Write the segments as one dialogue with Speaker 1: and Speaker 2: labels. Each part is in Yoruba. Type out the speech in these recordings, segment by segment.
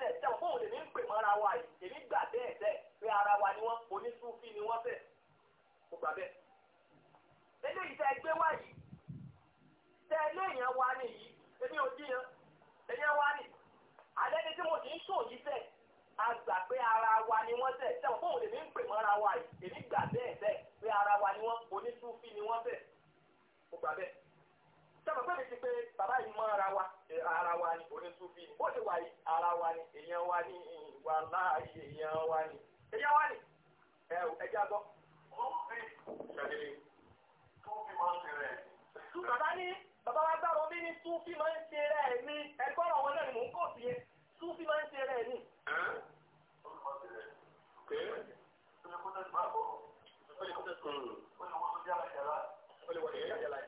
Speaker 1: tẹ̀ tẹ̀ fún òun lèmi ń pè mọ́ ara wa yìí èmi gbà bẹ́ẹ̀ bẹ́ẹ̀ pé ara wa ni wọ́n onísúfí ni wọ́n bẹ̀ mo gbà bẹ́ẹ̀. eléyìí tẹ gbé wá yìí tẹ eléyìí wa ni yìí èmi ò díyan èyàn wa ni alẹ́ ni tí mo ti ń sùn yìí tẹ̀ a gbà pé ara wa ni wọ́n tẹ̀ tẹ̀ fún òun lèmi ń pè mọ́ ara wa yìí èmi gbà bẹ́ẹ̀ bẹ́ẹ̀ pé ara wa ni wọ́n onísúfí ni wọ́n bẹ̀ mo gbà bẹ́ẹ̀. sọ ara wa ni onísùfì ni bóde wà yìí ara wa ni èèyàn wa ni ìwà láàyè èèyàn wa ni èèyàn wa ni ẹ ẹja gbọ́. bàbá ní bàbá wa gbàgbọ́ bí ní súfì máa ń ṣe rẹ̀ ní ẹgbọ́n àwọn náà ni mò ń kọ̀ sí yẹn súfì máa ń ṣe rẹ̀ ní.
Speaker 2: ó lè wọ́n tó jára jàrá. ó lè wọ́n tó jára jàrá.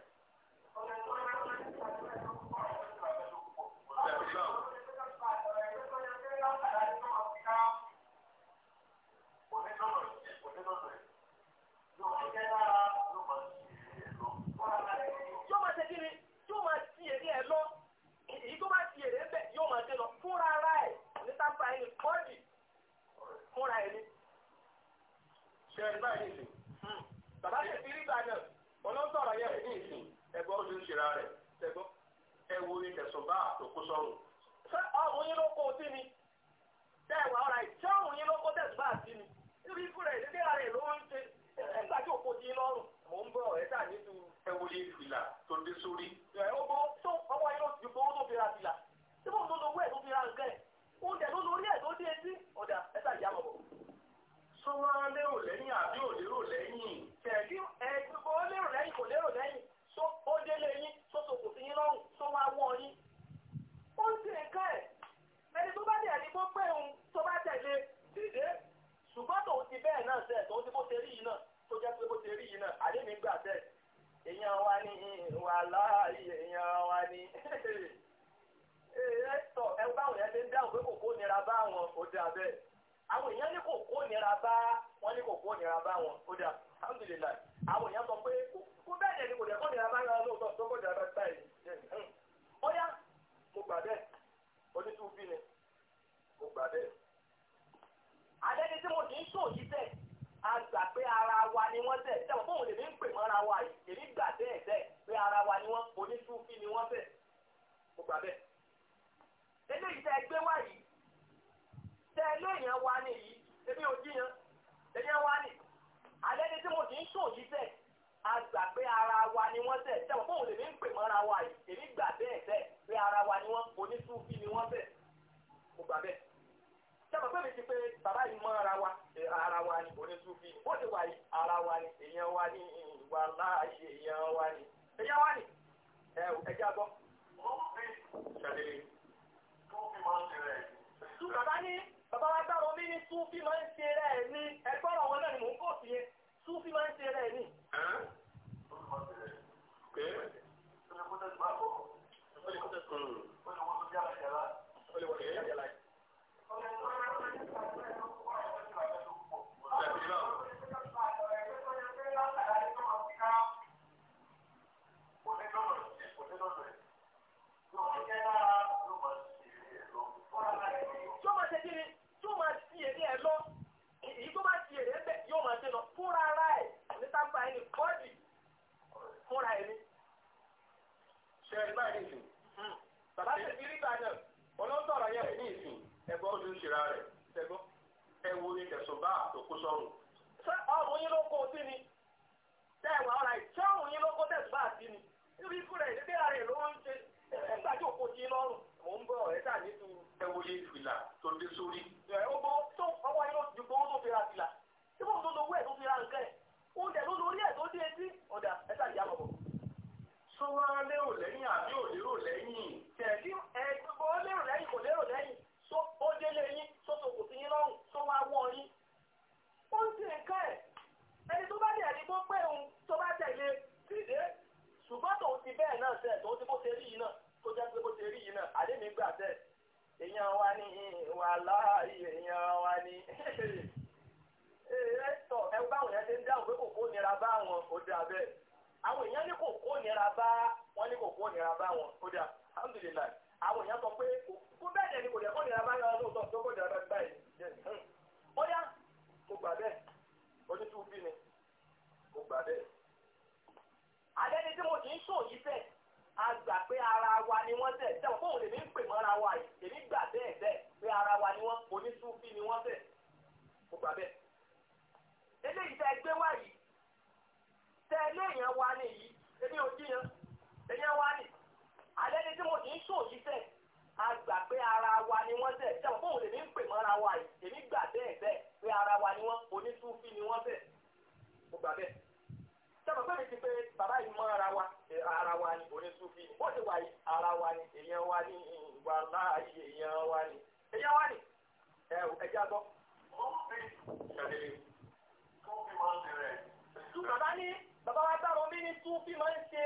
Speaker 1: fúnra ẹni ṣe ẹgbẹ́ ẹni sìn bàbá ṣe ti rí bàjẹ́ olóńtọ̀rọ̀ yẹ ẹni
Speaker 3: ìsìn ẹgbẹ́ ojú ìṣẹ̀ra rẹ̀ ẹgbọ́ ẹwo ni tẹ̀sùn bá àtòkú sọ́run.
Speaker 1: ṣé ọ̀hún yín ló kó sí ni ṣé ẹ̀wà ọ̀rà ìṣe ọ̀hún yín ló kó tẹ̀sùn bá sí ni níbi ikú rẹ̀ ìdílé rẹ̀ ló ń ṣe òkú lọ́rùn ń bọ̀
Speaker 3: fìlà tó dé sórí.
Speaker 1: ẹ̀ tó ọwọ́ yín ọ̀dà ẹ̀ta ìyá mọ̀ bọ̀. sọ lérò lẹ́yìn sọ̀rọ̀ multi-minded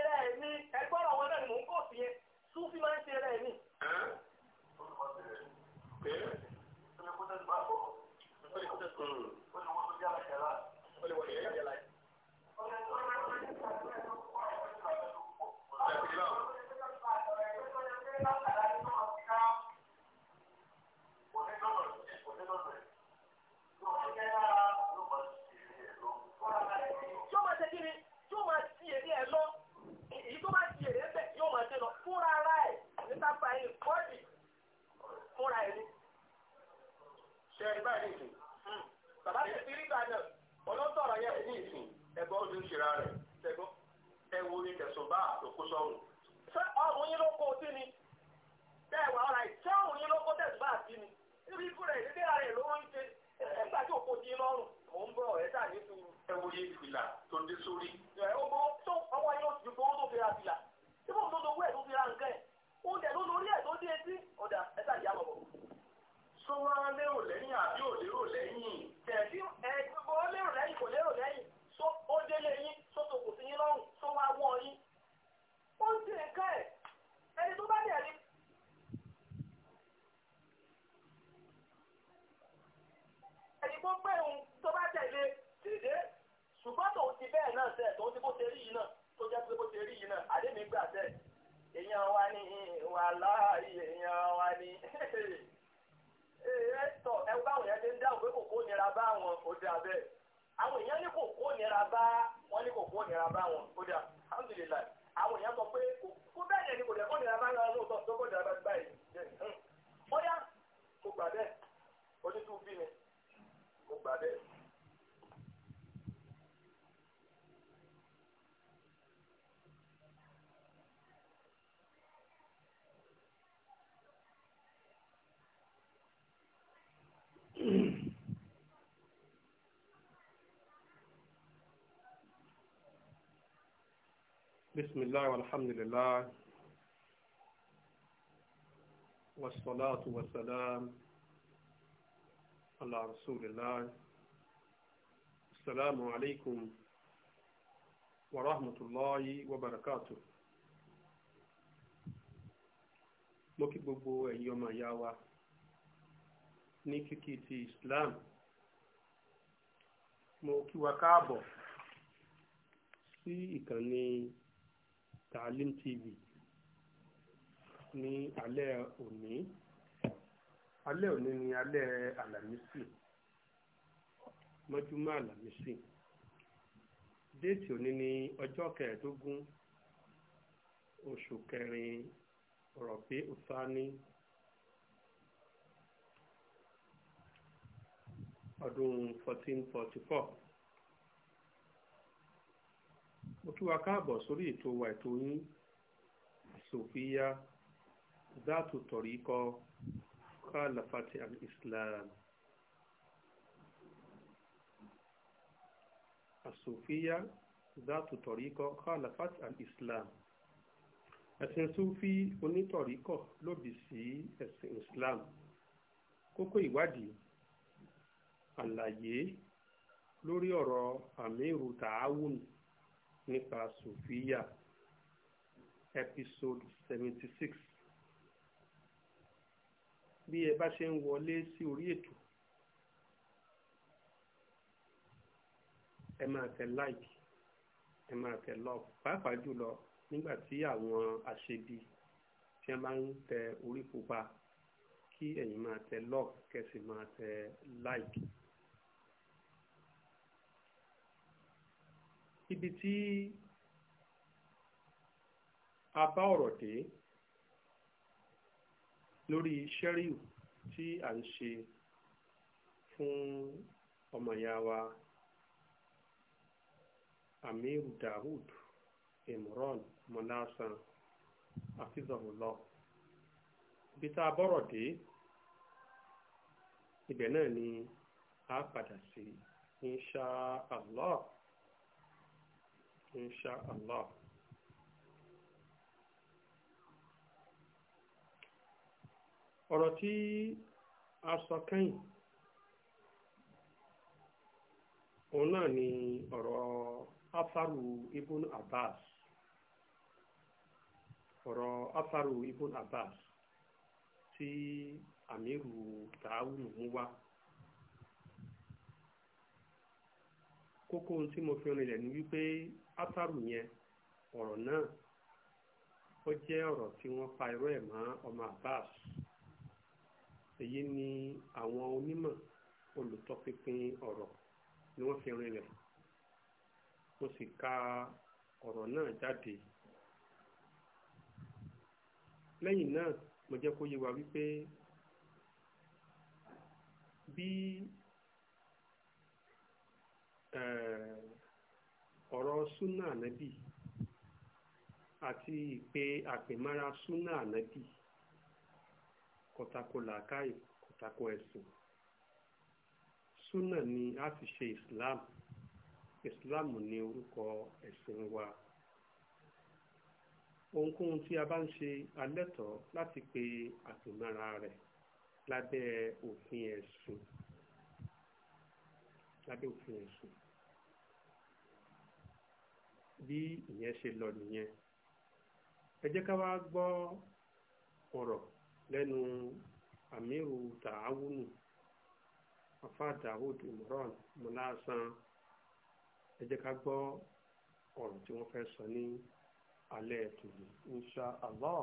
Speaker 3: بسم الله والحمد لله والصلاة والسلام على رسول الله السلام عليكم ورحمة الله وبركاته mo kí يوم ẹ̀yin ọmọ ìyá wa ní kíkí ti Islam Taalim TV ní alẹ́ òní alẹ́ òní ni alẹ́ àlàmísì mọ́júmọ́ àlàmísì déètì òní ni ọjọ́ kẹẹ̀ẹ́dógún oṣù kẹrin rọ̀bí ọ̀sánì ọdún fourteen forty four mo kí wa káàbọ̀ sórí ètò wa ètò yín sofiya zaatu tọ̀ríkọ khalafati al-islam asofiya zaatu tọ̀ríkọ khalafati al-islam ẹ̀sìn sufi onítọ̀ríkọ lòdì sí ẹ̀sìn islam kókó ìwádìí àlàyé lórí ọ̀rọ̀ àmì ìrù tààwùn nípa sòfíà episode seventy six bí ẹ bá ṣe ń wọlé sí orí ètò ẹ máa tẹ like ẹ máa tẹ love pàápàá jùlọ nígbà tí àwọn àṣebi tí wọn bá ń tẹ orí pupa kí ẹ̀yin máa tẹ love kẹsì máa tẹ like. ibi tí a bá ọ̀rọ̀ dé lórí ṣẹ́ríù tí a ń ṣe fún ọmọ ìyá wa amiru dawud imran mọlásán afizahulọ ibi tá a bọ̀rọ̀ dé ibẹ̀ náà ni a padà sí insha allah. insha Allah ọ̀rọ̀ tí a sọ kẹ́yìn òun náà ni ọ̀rọ̀ afaru ibn Abbas ọ̀rọ̀ afaru ibn Abbas tí amiru tààwùn mú wá. kókó ohun tí mo fi rinlẹ̀ ni wípé átàrù yẹn ọ̀rọ̀ náà ó jẹ́ ọ̀rọ̀ tí wọ́n pa irọ́ ẹ̀ mọ́ ọmọ Abbas èyí ni àwọn onímọ̀ olùtọ́pinpin ọ̀rọ̀ ni wọ́n fi rinlẹ̀ mo sì ka ọ̀rọ̀ náà jáde lẹ́yìn náà mo jẹ́ kó yé wa wípé bí Eh, ọ̀rọ̀ súnà nabi àti ìpè àpèmára súnà nabi kọ̀tàkò làákàyè kọ̀tàkò ẹ̀sìn súnà ni a fi ṣe islam islam ni orúkọ ẹ̀sìn wa ohunkóhun tí a bá ń ṣe alẹ́tọ̀ọ́ láti pe àpèmára rẹ̀ lábẹ́ òfin ẹ̀sìn lábẹ́ òfin ẹ̀sìn bí ìyẹn ṣe lọ nìyẹn ẹ jẹ́ ká wá gbọ́ ọ̀rọ̀ lẹ́nu amiru tààwùnù afa dawud imran mulasan ẹ jẹ́ ká gbọ́ ọ̀rọ̀ tí wọ́n fẹ́ sọ ní alẹ́ tòlù insha allah.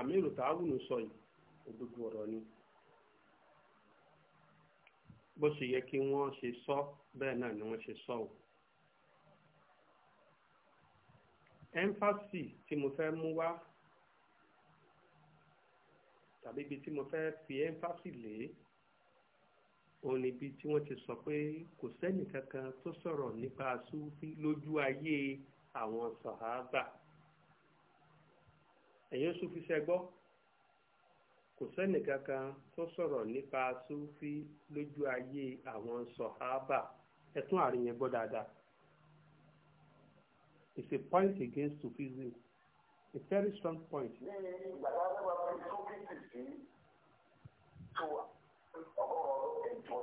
Speaker 3: àmírù tààwùnù sọ yìí òdodo ọ̀rọ̀ ni bó ṣe yẹ kí wọ́n ṣe sọ bẹ́ẹ̀ náà ni wọ́n ṣe sọ o. emphasis tí mo fẹ́ mú wá tàbí ibi tí mo fẹ́ fi emphasis lé òun ni ibi tí wọ́n ti sọ pé kò sẹ́nì tó sọ̀rọ̀ nípa súfí lójú ayé àwọn sàhábà. So ẹ̀yin sufi sẹ́gbọ́ kò sẹ́nìkankan tó sọ̀rọ̀ nípa sufi lójú ayé àwọn sọ̀hábà ẹ̀tún àárín yẹn gbọ́ dáadáa it's a point against sufism a very strong point.
Speaker 2: ní ìgbà tí wọ́n fi sufi sì sí tó ọgọ́rùn-ún ètò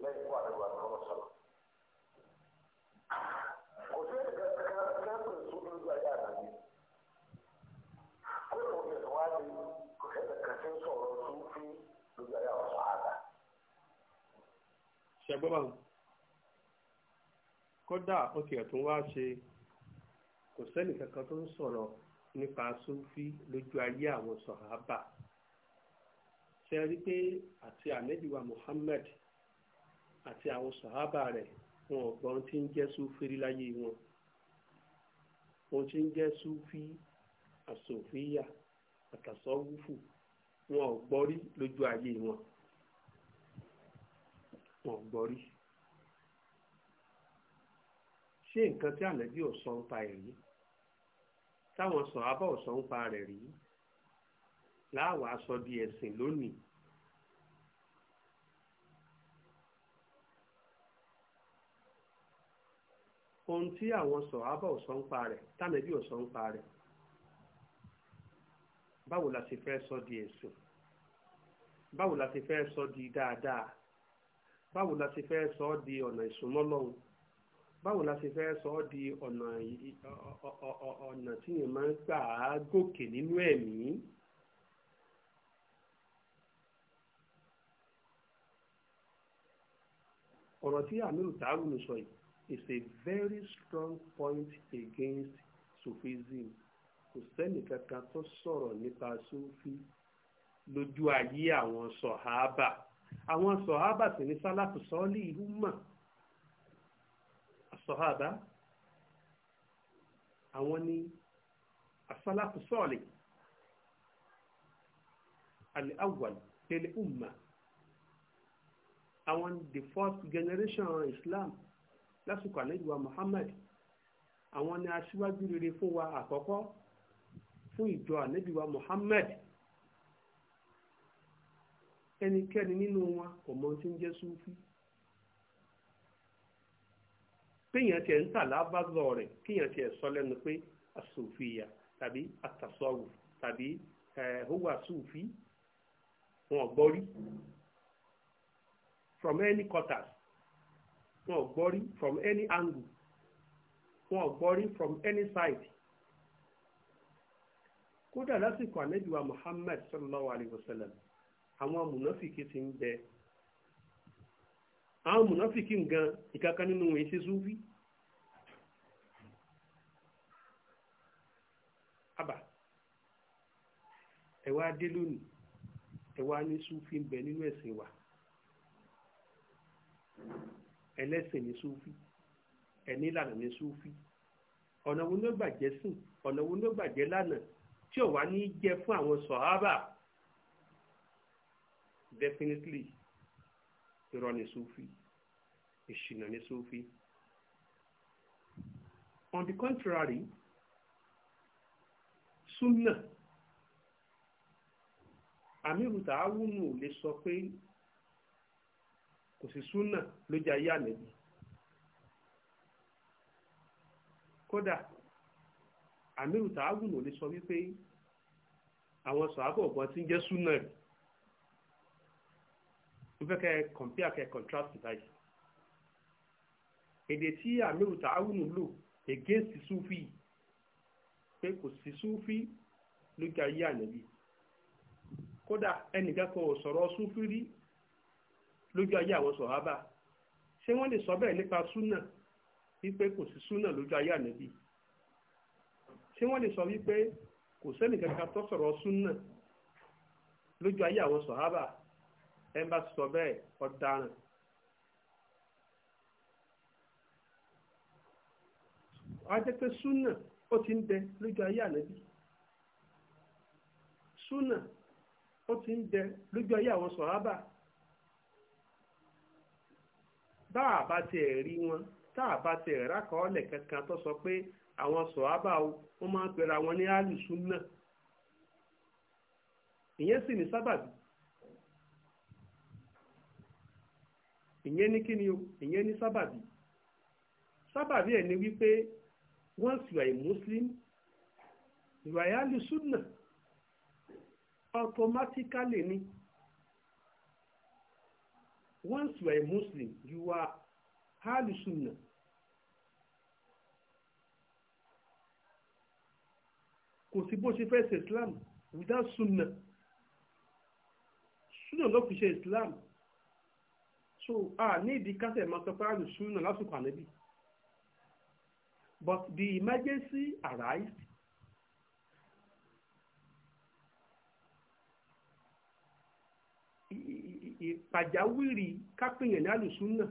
Speaker 2: lẹ́yìn fún àdúgbò
Speaker 3: ṣẹgbọ́n báwọn kódà ó tiẹ̀ tún wá ṣe kò sẹ́nì kankan tó ń sọ̀rọ̀ nípa sufi lójú ayé àwọn sọ̀hábà ṣe rí pé àti ànẹ́bíwá Muhammad àti àwọn sọ̀hábà rẹ̀ wọn ò gbọ́n ń jẹ́ sufi rí láyé wọn wọn ti ń jẹ́ sufi àsòfíyà àtàsọ́wúfù wọn ò gbọ́rí lójú ayé wọn wọn ò gbọ́ rí ṣé nǹkan tí ànábì ò sọ ń pa ẹ̀ rí táwọn sọ abọ́ ò sọ ń pa rẹ̀ rí láwàá sọ di ẹ̀sìn lónìí. ohun tí àwọn sọ̀hábà ò sọ ń pa rẹ̀ tánàbí ò sọ ń pa rẹ̀ báwo la ti fẹ́ sọ di ẹ̀sìn báwo la ti fẹ́ sọ di dáadáa báwo la ṣe fẹ́ sọ ọ́ di ọ̀nà ìsúnmọ́ lọ́hùn báwo la ṣe fẹ́ sọ ọ́ di ọ̀nà ọ̀nà tí yẹn máa ń gbà á gòkè nínú ẹ̀mí. ọ̀rọ̀ tí amiru taarun sọ yìí is a very strong point against sufism kò sẹ́ni kankan tó sọ̀rọ̀ nípa sufi lójú ayé àwọn sọ̀háábà. So àwọn sọ̀hábà sì ní sálàfù sọ́ọ́lì ìlú mà sọ̀hábà àwọn ní asálàfù sọ́ọ̀lì al-awwal lil umma àwọn the first generation Islam lásìkò àlejò Muhammad àwọn ni aṣíwájú rere fún wa àkọ́kọ́ fún ìjọ ànábì wa Muhammad ẹnikẹ́ni nínú wọn kò mọ tí ń jẹ́ súfí kéèyàn tiẹ̀ ń tà lábàzọ̀ rẹ̀ kéèyàn tiẹ̀ sọ lẹ́nu pé from any quarters wọn from any angle wọn from any side kódà lásìkò ànábì wa Muhammad sallallahu alayhi wa sallam àwọn mùnáfìkì ti ń bẹ àwọn mùnáfìkì nǹkan ìkankan nínú wọn ṣe súnfí àbà ẹwà dé lónìí ẹwà ní súnfí ń bẹ nínú ẹ̀sìn wa ẹlẹ́sìn ní súnfí ẹni ìlànà ní súnfí ọ̀nà wo ló gbàjẹ́ sìn ọ̀nà wo ló gbàjẹ́ lánàá tí ò wá ní jẹ fún àwọn sọ̀hábà definitely irọ́ ni sufi ìṣìnà ni sufi on the contrary sunna amiru tààwùnù ò lè sọ pé kò sí sunna ló jẹ ayé ànẹ́bí kódà amiru tààwùnù ò lè sọ wípé àwọn sọ̀hábọ̀ ọ̀gbọ́n ti ń jẹ́ sunna rẹ̀ mo fẹ́ kẹ́ compare kẹ́ contrast báyìí èdè tí amiru ta'awunu lò against sufi pé kò sí sufi lójú ayé ànábì kódà ẹnìkan kan ò sọ̀rọ̀ sufi rí lójú ayé àwọn sọ̀hábà ṣé wọ́n lè sọ bẹ́ẹ̀ nípa súnà wípé kò sí súnà lójú ayé ànábì ṣé wọ́n lè sọ wípé kò sẹ́nìkan kan tó sọ̀rọ̀ súnà lójú ayé àwọn sọ̀hábà ẹ ń bá sọ bẹ́ẹ̀ ọ̀daràn. ajẹ́pẹ́ súnà ó ti ń bẹ lójú ayé ànábì súnà ó ti ń bẹ lójú ayé àwọn sọ̀hábà bá a bá tiẹ̀ rí wọn tá a bá tiẹ̀ rákọọ́lẹ̀ kankan tó sọ pé àwọn sọ̀hábà wọn máa ń pera wọn ní àlùsúnà ìyẹn sì ní sábàbí ìyẹn ní kíni o ìyẹn ní sábàbí sábàbí ẹ̀ ni wípé once you are a muslim you are ahlu sunna. automatically ni once you are a muslim you are ahlu sunna. kò sí bó ṣe fẹ́ ṣe islam without sunna sunna ló fi ṣe islam so a ní ìdí kásẹ̀ máa sọ pé àlùsùn náà lásìkò ànábì but the emergency arise ìpàjáwìrì kápẹ̀yàn ní àlùsùn náà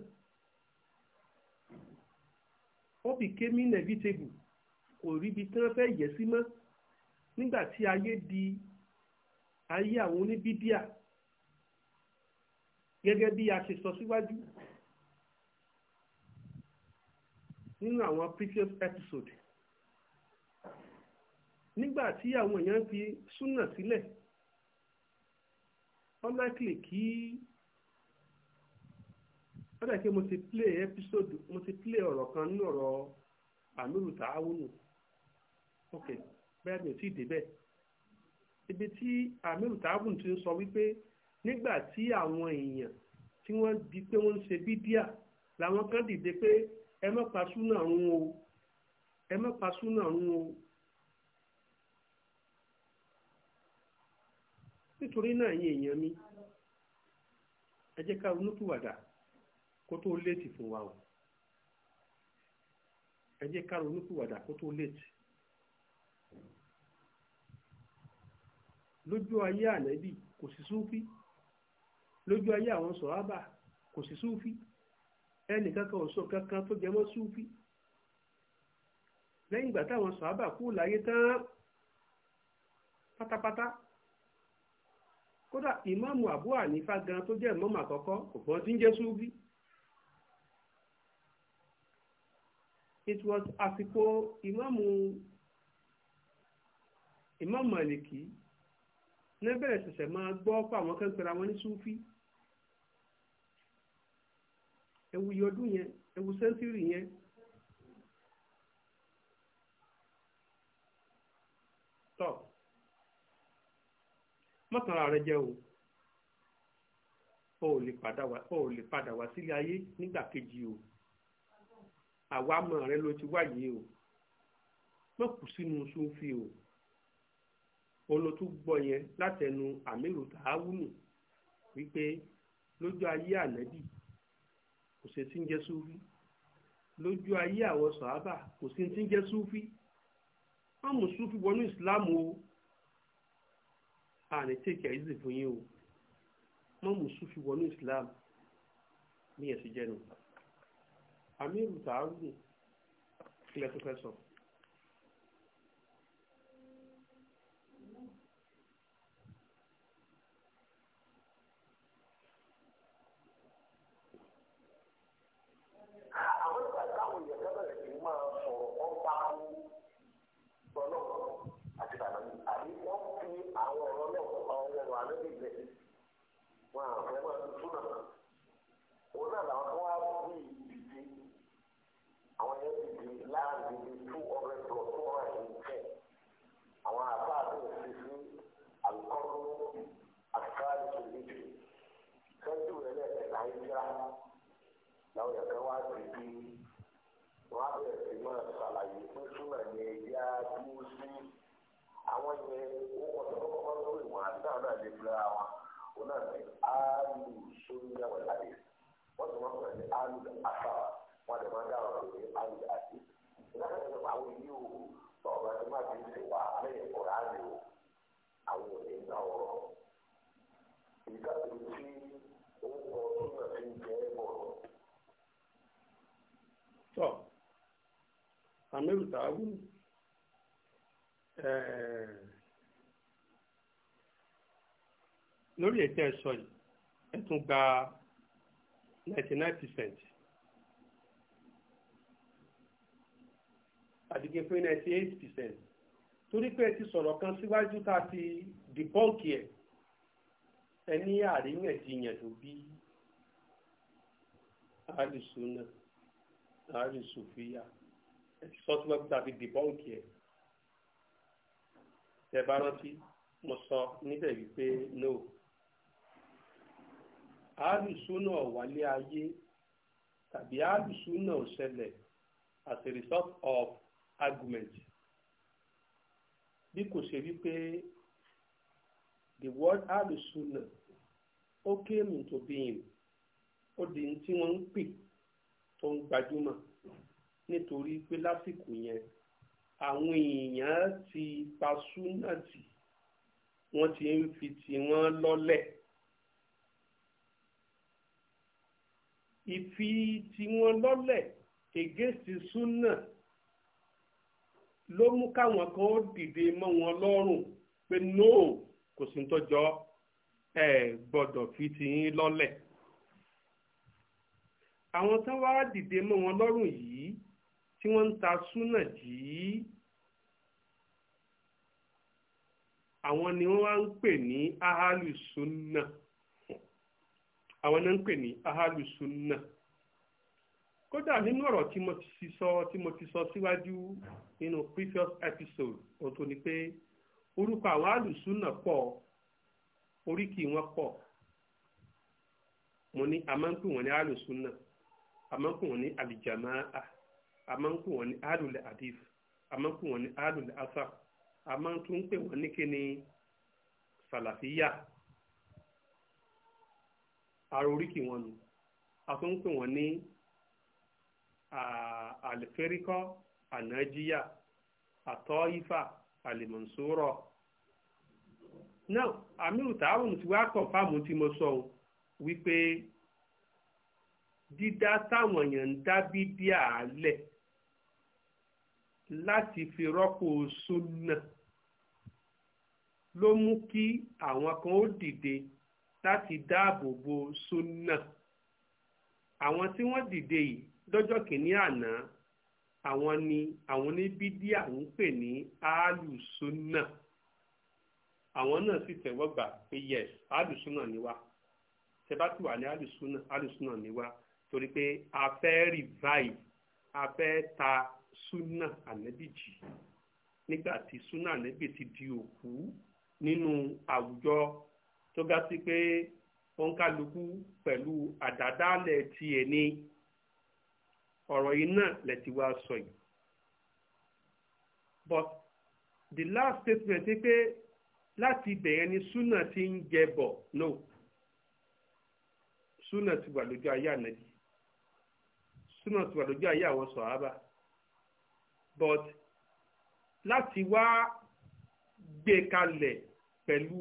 Speaker 3: ó became inevitable kò ríbi tí wọ́n fẹ́ yẹ̀ sí mọ́ nígbà tí ayé di ayé àwọn oníbídíà gẹ́gẹ́ bí a ṣe sọ síwájú nínú àwọn previous episode nígbà tí àwọn èèyàn fi súnà sílẹ̀ unlikely kí wọ́n dàgbé mo ti play episode mo ti play ọ̀rọ̀ kan nínú ọ̀rọ̀ àmúlù tààwùnù ok bẹ́ẹ̀ mi ò tí ì débẹ̀ ibi tí àmúlù tààwùnù ti ń sọ wípé nígbà tí àwọn èèyàn tí wọ́n di pé wọ́n ń ṣe bídíà làwọn kan dìde pé ẹ má pa súnà run o ẹ má pa súnà run o. nítorí náà yín èèyàn mi ẹ jẹ́ ká ronúpìwàdà kó tó léètì fún wa o ẹ jẹ́ ká ronúpìwàdà kó tó léètì. lójú ayé ànábì kò sí súnfí lójú ayé àwọn sọ̀hábà kò sí súfí ẹnì kankan ò sọ kankan tó jẹmọ́ súfí lẹ́yìn ìgbà táwọn sọ̀hábà kú láyé tán pátápátá kódà ìmáàmù àbú ànífà gan tó jẹ́ ìmáàmù àkọ́kọ́ kò fọ́n tí ń jẹ́ súfí. it was àsìkò ìmáàmù ìmáàmù Málíkì ní bẹ̀rẹ̀ ṣẹ̀ṣẹ̀ máa gbọ́ fún àwọn kan wọn ní súfí ẹ̀wù yọdún yẹn ẹ̀wù sẹ́ńtírì yẹn. tọ́ mọ́tàlá rẹ jẹ́ o o lè padà wá o lè padà wá sílé ayé nígbà kejì o àwa mọ̀ rẹ ló ti wáyé o mọ̀ kù sínú sunfi o olótú gbọ́ yẹn látẹnu àmìlù tààwùnù wípé lójú ayé ànábì kò sí tí ń jẹ́ súfí lójú ayé àwọn sàábà kò sí tí ń jẹ́ súfí wọ́n mú súfí wọnú ìsìláàmù o àní tèkè ìzì fún yín o wọ́n mú súfí wọnú ìsìláàmù ní ẹ̀sìn jẹ́nu àmì ìrùtà àrùn kílẹ̀ tó fẹ́ sọ̀rọ̀.
Speaker 2: wọn àwọn fẹ́ máa ń túnà òun náà làwọn tó wá bí ìdíje àwọn yẹn dìde láàrin bíi two hundred plus two hundred and ten àwọn àbá àti òṣìṣẹ́ alukọ́rọ́ àtikáàdì tó léjì sẹ́ńtì rẹ̀ lẹ́ẹ̀kẹta ìjà làwọn yẹn kan wá dìde wọn á bẹ̀rẹ̀ sí máa ṣàlàyé pé túnà yẹn yá dúró sí àwọn yẹn ó kọ́ tó lórí wọn àti àwọn náà lè fura náà ní áàlù sóníyà wà láyé wọ́n tún máa ń pè ní áàlù àfà wọ́n lè máa dá àwọn pè ní áàlù àti ìdájọ́ tó àwọn yìí o ọ̀rọ̀ tó má fi ń ṣe wà lẹ́yìn ọ̀rọ̀ àlè o àwọn ò ní gbà ọ̀rọ̀ ìdá tó ti ó kọ tó náà fi
Speaker 3: jẹ́ bọ̀rọ̀. tọ́ àmì ìrùtà ẹ̀ẹ́. lórí ètò ẹ̀sọ́ yìí ẹ tún gba ninety nine percent àdìgẹ́ pé ninety eight percent torí pé ẹ ti sọ̀rọ̀ kan síwájú tá a ti dìbọ́ǹkì ẹ̀ ẹ ní àríyànjiyàn tó bí àrísùnà àrísùfìyà ẹ ti sọ síwájú tá a ti dìbọ́ǹkì ẹ̀ tẹ bá rántí mo sọ níbẹ̀ wípé no alùsùnà ọ̀wálé ayé tàbí alùsùnà ọ̀ṣẹlẹ̀ as a result of argument bí kò ṣe wípé the word alùsùnà ó came into being ó di ní tí wọ́n ń pè tó ń gbajúmọ̀ nítorí pé lásìkò yẹn àwọn èèyàn ti pa súnà tì wọ́n ti ń fi tiwọn lọ́lẹ̀. ìfi tiwọn lọ́lẹ̀ ègéṣì súnà ló mú káwọn kan dìde mọ́ wọn lọ́rùn pé no kò sí tọ́jọ́ ẹ gbọ́dọ̀ fi tiyín lọ́lẹ̀ àwọn tán wá dìde mọ́ wọn lọ́rùn yìí tí wọ́n ń ta súnà yìí àwọn ni wọ́n wá ń pè ní ahalu súnà. àwọn náà ń pè ní ahalusunna kódà nínú ọ̀rọ̀ tí mo ti sọ tí mo ti sọ síwájú nínú previous episode ohun tó ni pé orúkọ àwọn ahalusunna pọ̀ oríkì wọn pọ̀ mo ní a máa ń pè wọ́n ní ahalusunna a máa ní alijamaa a máa ń pè wọ́n ní ahalulẹ̀ hadith a máa ń pè wọ́n ní ahalulẹ̀ asar a máa ní kíni salafiya ara oríkì wọn nù a tún ń pè wọ́n ní àlìfẹ́ríkọ́ ànájíyà àtọ́ífà àlìmọ̀nsórọ̀ náà amiru taarun ti wá kọ̀fàmù tí mo sọ ohun wípé dídá táwọn èèyàn ń dá bíbí àálẹ̀ láti fi rọ́pò sunna ló mú kí àwọn kan ó dìde láti dáàbò bo sunna àwọn tí wọ́n dìde yìí lọ́jọ́ kìíní àná àwọn ni àwọn ní bídíà ń pè ní áàlù sunna àwọn náà sì tẹ̀wọ́ gbà pé yes áàlù sunna ni wá tẹ́bátì wà ní áàlù sunna áàlù sunna ni wá torí pé a fẹ́ revive a fẹ́ ta sunna ànẹ́bì nígbà tí sunna ànẹ́bì ti di òkú nínú àwùjọ tó ga sí pé òǹkàlùkù pẹ̀lú àdádálẹ̀ tiẹ̀ ni ọ̀rọ̀ yìí náà lẹ̀ ti wá sọ yìí. but the last statement ni pé láti bẹ̀rẹ̀ ni súnà ti ń jẹ bọ̀ no suna ti wà lójú ayé ànábì súnà ti wà lójú ayé àwọn sọ̀hábà but láti wá gbé kalẹ̀ pẹ̀lú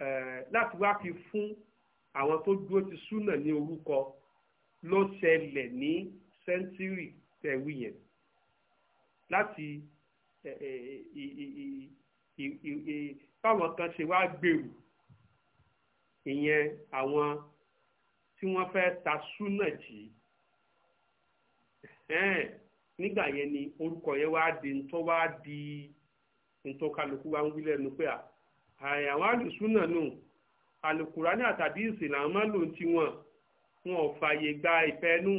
Speaker 3: Eh, láti wá fi fún àwọn tó dúró ti súnà ní orúkọ ló ṣẹlẹ̀ ní sẹ́ńtírì tẹ̀wí yẹn láti eh, eh, báwọn kan ṣe wá gbèrú ìyẹn àwọn tí wọ́n fẹ́ ta súnà jì nígbà yẹn ni orúkọ yẹn wá di ntọ́ wá di ntọ́ kálukú wá ń wí lẹ́nu pé à àyàwó àlùsúnà nù alukurani àtàbí ìsìn làwọn máa lò tí wọn wọn ò fààyè gba ìfẹnú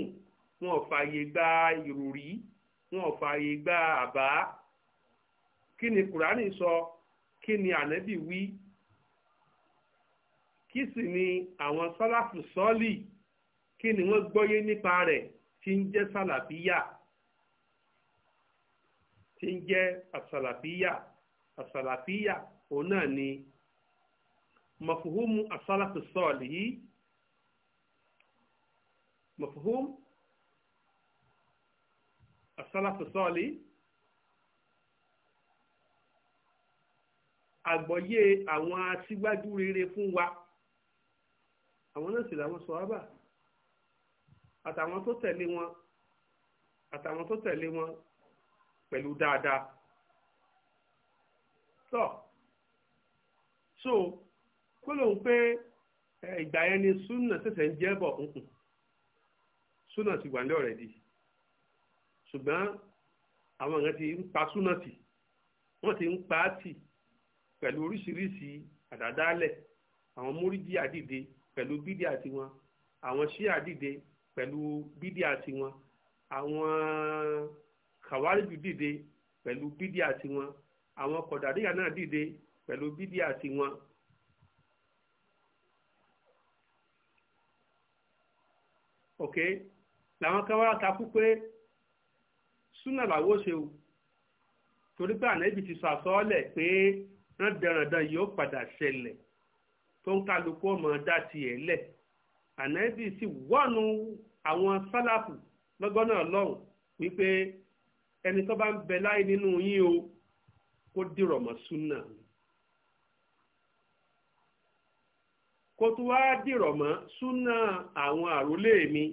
Speaker 3: wọn ò fààyè gba ìròrí wọn ò fààyè gba àbá kí ni kurani sọ kí ni ànábì wí kí sì ni àwọn sálàfù sọ́ọ̀lì kí ni wọ́n gbọ́yé nípa rẹ̀ tí ń jẹ́ sàlàbíyà tí ń jẹ́ àsàlàbíyà àsàlàbíyà òun náà ni mafuhumu asalafu sọ́ọ̀lì yìí mafuhum asalafu sọ́ọ̀lì àgbọ́yé àwọn aṣíwájú rere fún wa àwọn náà sì làwọn sọ̀hábà àtàwọn tó tẹ̀lé wọn àtàwọn tó tẹ̀lé wọn pẹ̀lú dáadáa. So, so kó lóun pé ìgbà yẹn ni súnà ṣẹ̀ṣẹ̀ ń jẹ́ bọ̀ nkùn súnà ti wà ní ọ̀rẹ́ di ṣùgbọ́n àwọn èèyàn ti ń pa súnà tì wọ́n ti ń pa á tì pẹ̀lú oríṣiríṣi àdádálẹ̀ àwọn múrídìí àdìde pẹ̀lú bídìí àti wọn àwọn ṣí àdìde pẹ̀lú bídìí àti wọn àwọn kàwáríjù dìde pẹ̀lú bídìí àti wọn àwọn kọ̀dàdíyà náà dìde pẹ̀lú bídíà tiwọn. ok làwọn kan wá takú pé súnà làwọn ṣe o torí pé ànábì ti sọ àsọọ́lẹ̀ pé rándanrandan yóò padà ṣẹlẹ̀ tó ń kálukú ọmọ dá tiẹ̀ lẹ̀ ànábì sì wọ́nu àwọn sálàfù lọ́gọ́nà ọlọ́run wípé ẹni tó bá ń bẹ láì nínú yín o kó dìrọ̀ súnà o. kó tó wá dìrọ̀ mọ́ súnà àwọn àrólé mi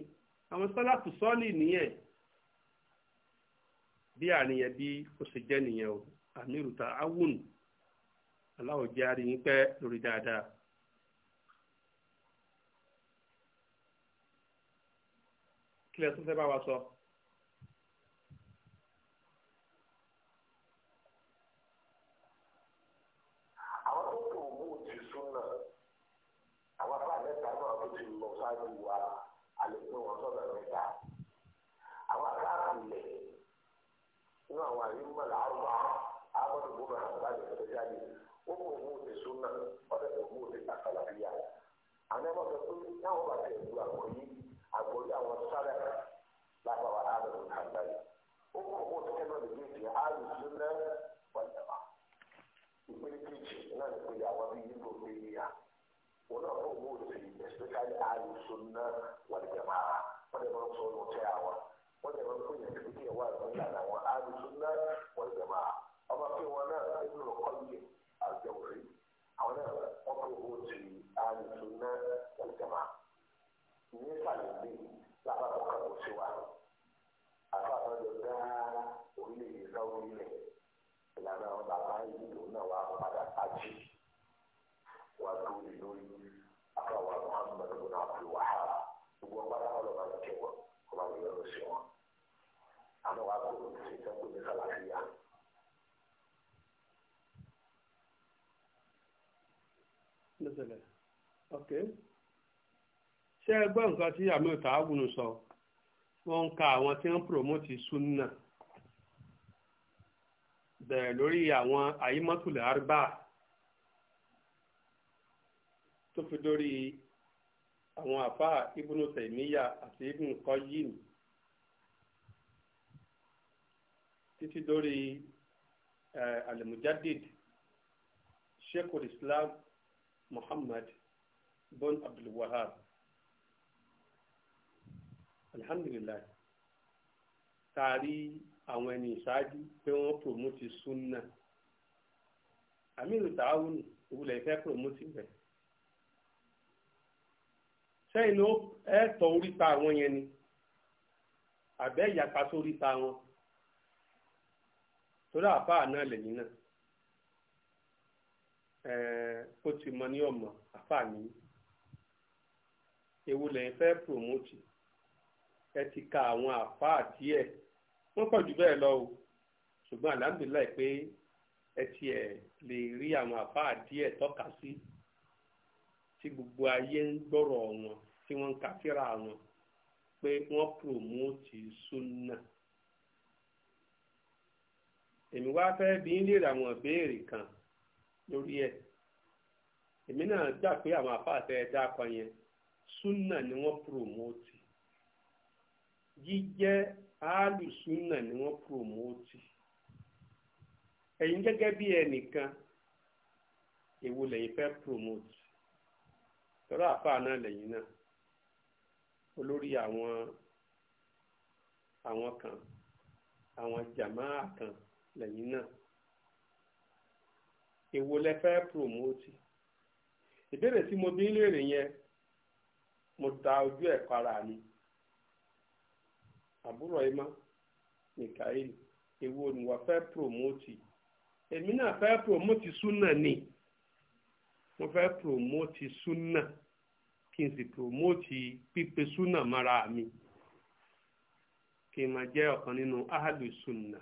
Speaker 3: àwọn sálàfù sọ́ọ̀lì nìyẹn bí àníyàn bí ó ṣe jẹ́ nìyẹn o amiru ta awun aláwọ̀ jẹ́ àríyìn pẹ́ lórí dáadáa. kílẹ̀ tó fẹ́ bá wa sọ. So.
Speaker 2: bá lè wà àlùkò wọn sọ̀rọ̀ mẹ́ta. Àwọn akáàkùn lè inú àwọn àyùmọ̀ làárùbá àbọ̀dù gbogbo àgbà lè fẹ́ jáde. Ó kò mú òde súnà, ọ̀dẹ̀ kò mú òde àkàlàbíyà. Àwọn ẹgbẹ́ sọ pé táwọn bá tẹ̀ lu àgbọ̀ yìí, àgbọ̀ yìí àwọn sálẹ̀ yìí. Ó kò mú òde kẹ́nà lè náà wọn náà fún owó sí especially alu sunna wàlìjàmá wọn dẹ̀ máa ń sọ ọ́nà ọ̀tẹ́ àwọn wọn dẹ̀ máa ń pèyàn sí pé wà ní ìlànà àwọn alu sunna wàlìjàmá ọmọ pé wọn náà nínú ọkọ yìí àjọwòrán àwọn náà wọn fún owó sí alu sunna wàlìjàmá ní sàlẹ̀ bí lábàbọ̀ kan kò sí wa àti àtọ́jọ dá orílẹ̀-èdè sáwọn orílẹ̀ ìlànà àwọn bàbá ìlú náà wà padà ají wa lórí afáwa muhammadu bin abdul wahab gbogbo ọgbàdá ọlọ́ba ló kẹ́ wọn ọba mi yọrọ sí wọn àmọ́ wàá kó o ṣe tán kó ní sàlàfíà.
Speaker 3: lọ́sẹ̀lẹ̀ ok ṣé ẹ gbọ́ nǹkan tí àmì ọ̀tá àwùnú sọ wọ́n ń ka àwọn tí wọ́n ń promote sunna bẹ̀rẹ̀ lórí àwọn àyímọ́tòlẹ̀ arba tó fi dórí àwọn àfáà ibùnú tẹ̀míyà àti ibùnú kọ́yìn títí dórí alimujaddid sheikhul islam muhammad bon abdulwahab alhamdulilayi taari àwọn ẹni ìṣáájú pé wọ́n promote sunna aminu taawun ìwúlẹ̀ ìfẹ́ promote rẹ̀ sẹ́yìn ló ẹ tọ̀ oríta àwọn yẹn ni àbẹ́ ìyapa sóríta wọn torí àfáà náà lẹ́yìn náà kó ti mọ ní ọmọ afaa ní ewu lẹ́yìn fẹ́ promote ẹ ti ka àwọn àfáà díẹ̀ wọ́n pọ̀ jù bẹ́ẹ̀ lọ o ṣùgbọ́n alhamdulillah pé ẹ tiẹ̀ lè rí àwọn àfáà sí. Si tí gbogbo ayé ń gbọ́rọ̀ wọn tí wọ́n ń ka wọn pé wọ́n promote sunna. èmi wá fẹ́ bí ń léèrè àwọn ìbéèrè kan lórí ẹ̀ èmi náà gbà pé àwọn àfáàtẹ ẹ̀dá kan yẹn sunna ni wọ́n promote jíjẹ́ áàlù sunna ni wọ́n promote ẹ̀yin gẹ́gẹ́ bí ẹnìkan èwo lẹ́yìn fẹ́ promote lọ́rọ̀ àfa náà lẹ́yìn náà olórí àwọn àwọn kan àwọn jàmáà kan lẹ́yìn náà èwo lẹ fẹ́ promote ìbéèrè tí mo bí léèrè yẹn mo da ojú ẹ̀ para mi àbúrò ẹ̀ má Mikael èwo ni wọ́n fẹ́ promote èmi náà fẹ́ promote súnà ni mo fẹ́ promote súnà kí n sì promote pípe súnà mara mi kí n máa jẹ́ ọ̀kan nínú ahlu súnà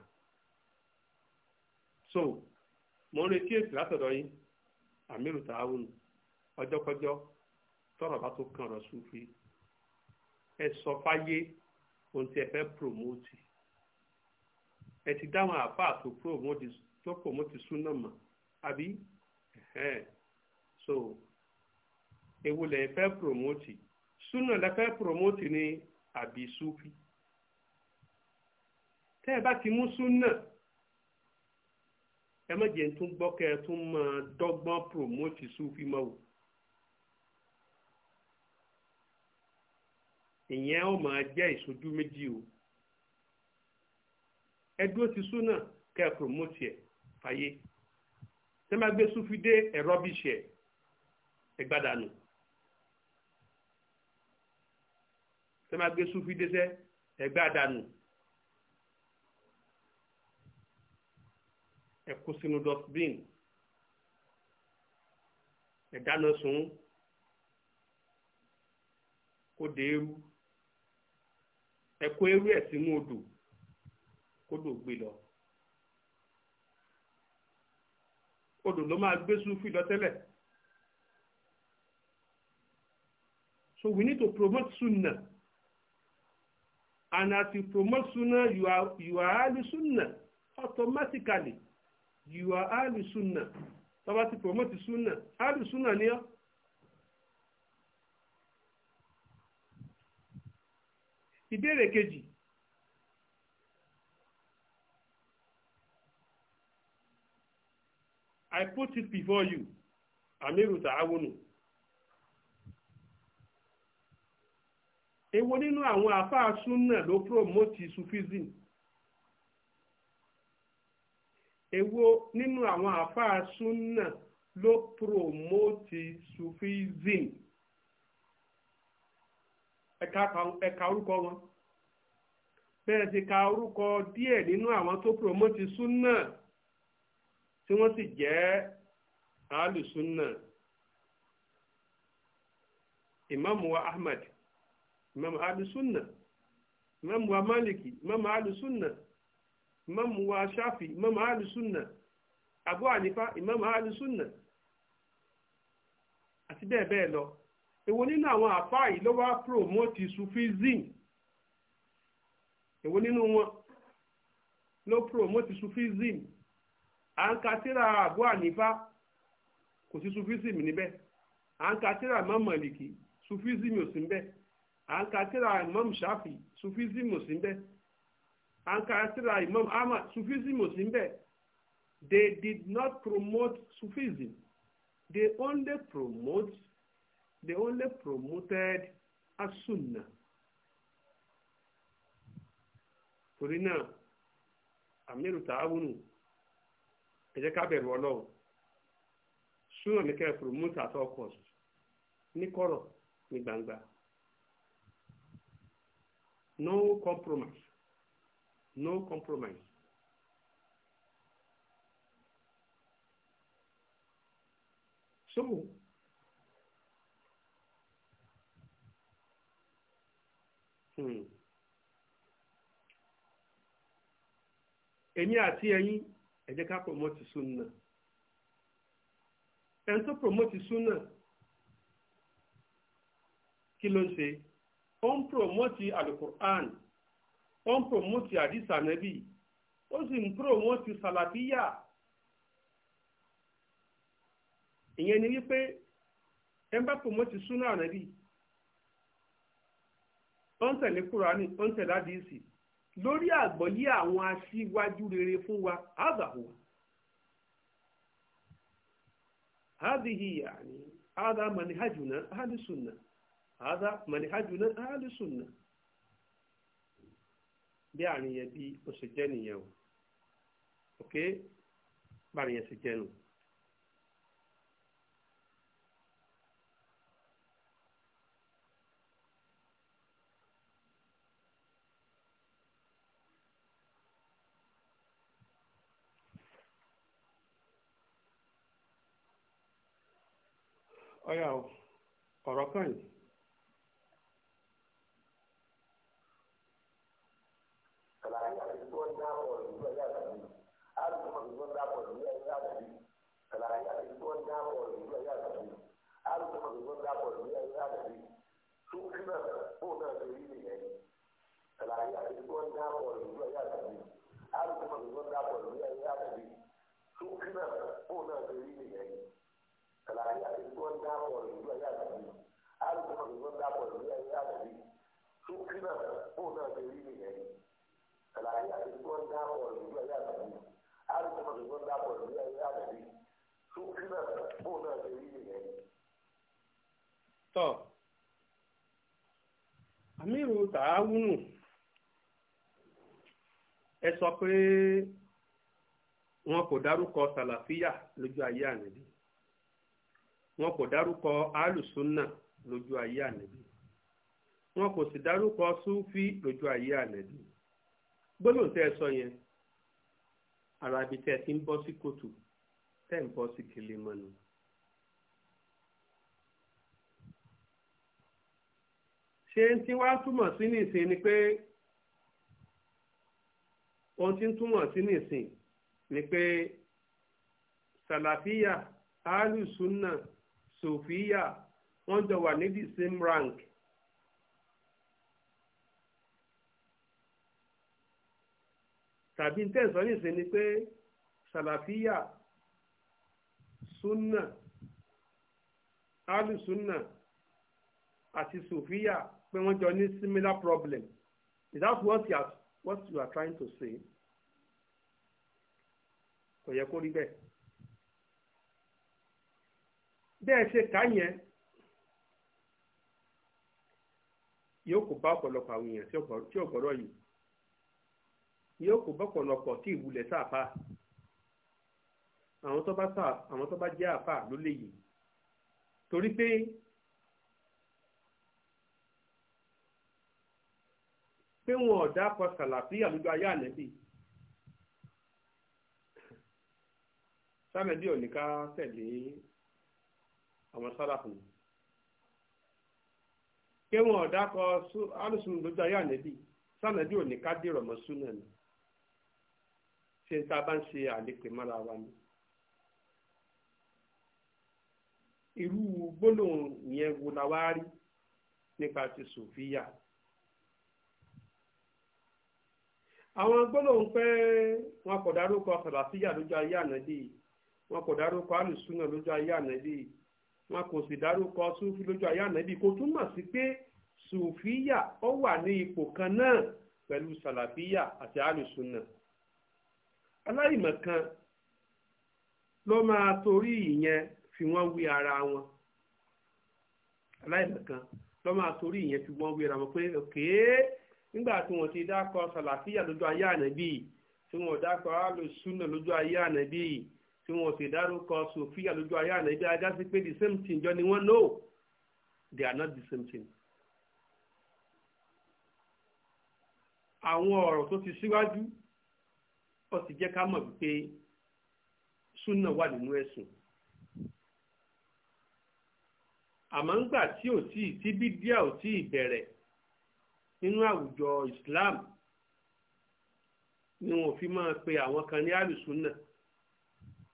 Speaker 3: so mo ń retí èsì látọ̀dọ̀ yín amiru taawun ọjọ́kọjọ́ tọ́rọ̀ bá tó kàn ọ̀rọ̀ sufi ẹ sọ fáyé ohun tí ẹ fẹ́ promote ẹ ti dáhùn àáfàá tó promote súnà mọ́ àbí. Eh, eh so èwo lẹ fẹ́ promote súnà lẹ fẹ́ promote ní àbí súfì tẹ́ ẹ bá ti mú súnà ẹ má jẹ́ tún gbọ́ kẹ́ ẹ tún máa dọ́gbọ́n promote súfì mọ́ o. ìyẹn ó máa jẹ́ ìṣojú méjì o ẹ dúró ti súnà kẹ́ ẹ promote ẹ̀ fàyè tẹ́ máa gbé súfì dé ẹ̀ rọ́bìṣì ẹ̀ ẹgbàdànù tẹ máa gbé sufi dẹsẹ ẹgbàdànù ẹkú sínú dustbin ẹdáná sùn kó dé eru ẹkú eru ẹ odò kó dò gbé lọ. odò ló máa gbé sufi lọ tẹ́lẹ̀. So we need to promote sunnah. And as you promote sunnah, you are you are ahlu sunnah automatically. You are ahlu sunnah. Tọ́ba you promote sunnah. Ahlu sunnah ni ọ́. Ìbéèrè kejì. I put it before you. Amiru Ta'awunu. èwo nínú àwọn àfáà súnà ló promote sufism èwo nínú àwọn àfáà súnà ló promote sufism ẹ̀ka orúkọ wọn bẹ́ẹ̀ ti ka orúkọ díẹ̀ nínú àwọn tó promote súnà tí wọ́n sì jẹ́ alùsúnà Imam wa Ahmad imam alusunna imam wa maliki imam alusunna imam wa shafi imam alusunna abu hanifa imam alusunna àti bẹ́ẹ̀ bẹ́ẹ̀ lọ èwo nínú àwọn àfáà yìí ló wá promote sufism èwo nínú wọn ló promote sufism à ń ka tírà abu hanifa kò sí sufism níbẹ̀ à ń ka tírà imam maliki sufism ò sí níbẹ̀ à ń imam shafi sufisimu sí bẹ́ẹ̀ à ń ka imam ahmad sufisimu sí bẹ́ẹ̀ they did not promote sufism they only promote they only promoted asunna torí náà àmìlù tààwùnù ẹ jẹ́ ká bẹ̀rù ọlọ́run súnà ní kẹ́ promote at all cost ní kọ̀rọ̀ ní gbangba no compromise no compromise. So, hmm. èmi àti ẹ̀yin ẹ jẹ́ ká promote sunna ẹni tó promote sunna kí ló ń ṣe on promoti promote alukur'an ó ń promote hadith anabi ó sì ń promote salafiya ìyẹn ni wípé ẹ bá promote sunna anabi ó ń tẹ̀lé kúránì ó ń tẹ̀lé àdìsí lórí àgbọ́yé àwọn aṣíwájú rere fún wa àgbàwọ̀ hádìhì yàní ádámà ní hajjùnà hádìsùnà. هذا من أهل السنة يعني يبي أسجني يوم أوكي بعد يسجنوا أيوه، ọ̀yà ọ̀rọ̀ kan
Speaker 2: tó kí náà bó náà ṣe rí nìyẹn ṣàlàyé àtẹ̀síkò ń dáàbọ̀ ìlú ẹ̀yà àtàbí àlùkò àtẹ̀síkò ń dáàbọ̀ ìlú ẹ̀yà àtàbí tó kí náà bó náà ṣe rí nìyẹn ṣàlàyé àtẹ̀síkò ń dáàbọ̀ ìlú ẹ̀yà àtàbí àlùkò àtẹ̀síkò ń dáàbọ̀ ìlú ẹ̀yà àtàbí tó kí náà bó náà ṣe rí nìyẹn ṣàlàyé àtẹ̀síkò ń dáàbọ̀ ìlú ẹ̀yà àtàbí àlùkò àtẹ̀síkò ń dáàbọ̀ ìlú ẹ̀yà àtàbí tó kí náà bó náà ṣe rí nìyẹn.
Speaker 3: tọ́ amírù tààwùnù ẹ sọ pé wọn kò dárúkọ sàlàfíà lójú ayé ànábì wọn kò dárúkọ alùsùnà lójú ayé ànábì wọn kò sì dárúkọ súnfí lójú ayé ànábì gbólóhùn tẹ ẹ sọ yẹn arabi tẹ ẹ ti ń bọ́ sí kòtù tẹ ń bọ́ sí kele ṣé tí wàá túmọ̀ sí nìsín ni pé ohun tí ń túmọ̀ sí nìsín ni pé sàlàfíà alùsùnà sòfíà wọ́n jọ wà ní the same rank. tàbí ń tẹ̀sán nìsín ni pé sàlàfíà sunna alùsùnà àti sòfíà pé wọ́n jọ ní similar problem is that what you are what you are trying to say kò yẹ kó rí bẹ́ẹ̀ bẹ́ẹ̀ ṣe kà yẹn yóò kó bá ọ̀pọ̀lọpọ̀ àwọn èèyàn tí ò gbọ́dọ̀ yìí yóò kó bọ́pọ̀lọpọ̀ tí ìwúlẹ̀ sáàpá àwọn tó bá jẹ́ àpá ló lè yìí torí pé pé wọn ò dákọ sàlàfíà lójú ayé ànẹ́bì sámẹ́dì ò ní tẹ̀lé àwọn sálàfù pé wọn ò dákọ alùsùn lójú ayé sámẹ́dì bá ń ṣe wa ni. irú gbólóhùn yẹn ti àwọn gbólóhùn pẹ́ wọn kò dárúkọ sàlàfíà lójú ayé ànábì wọn kò dárúkọ alùsùnà lójú ayé ànábì wọn kò sì dárúkọ lójú ayé ànábì kò túmọ̀ sí pé sùfíà ó wà ní ipò kan náà pẹ̀lú sàlàfíyà àti alùsùnà aláìmọ̀ kan ló máa torí fi wọn aláìmọ̀ kan wọn nígbà tí wọ́n ti dákọ̀ sàlàfíà lójú ayé ànábì tí wọ́n dákọ̀ alùsùnà lójú ayé ànábì tí wọ́n sì dárúkọ sòfíà lójú ayé ànábì ajá sí pé the same thing jọ ni wọ́n no they are not the same thing. àwọn ọ̀rọ̀ tó ti síwájú ó sì jẹ́ ká mọ̀ wípé súnà wà nínú ẹ̀sùn àmọ́ ńgbà tí ò tí ì tí bídíà ò tí ì bẹ̀rẹ̀ nínú àwùjọ Islam ni wọn fi máa pe àwọn kan ní alùsùnà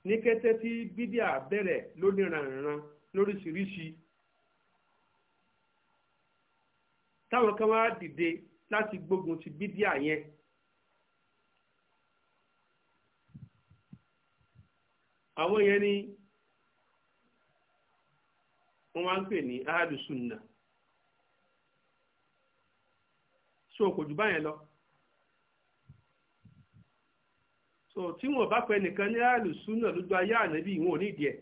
Speaker 3: ní kété tí bídíà bẹ̀rẹ̀ lóníranran lóríṣiríṣi táwọn kan wá dìde láti gbógun ti bídíà yẹn àwọn yẹn ni wọ́n máa ń pè ní alùsùnà. so kò jù báyẹn lọ so tí wọn bá pẹ nìkan ní àlùsúnà lójú ayé ànábì wọn ò ní ìdí ẹ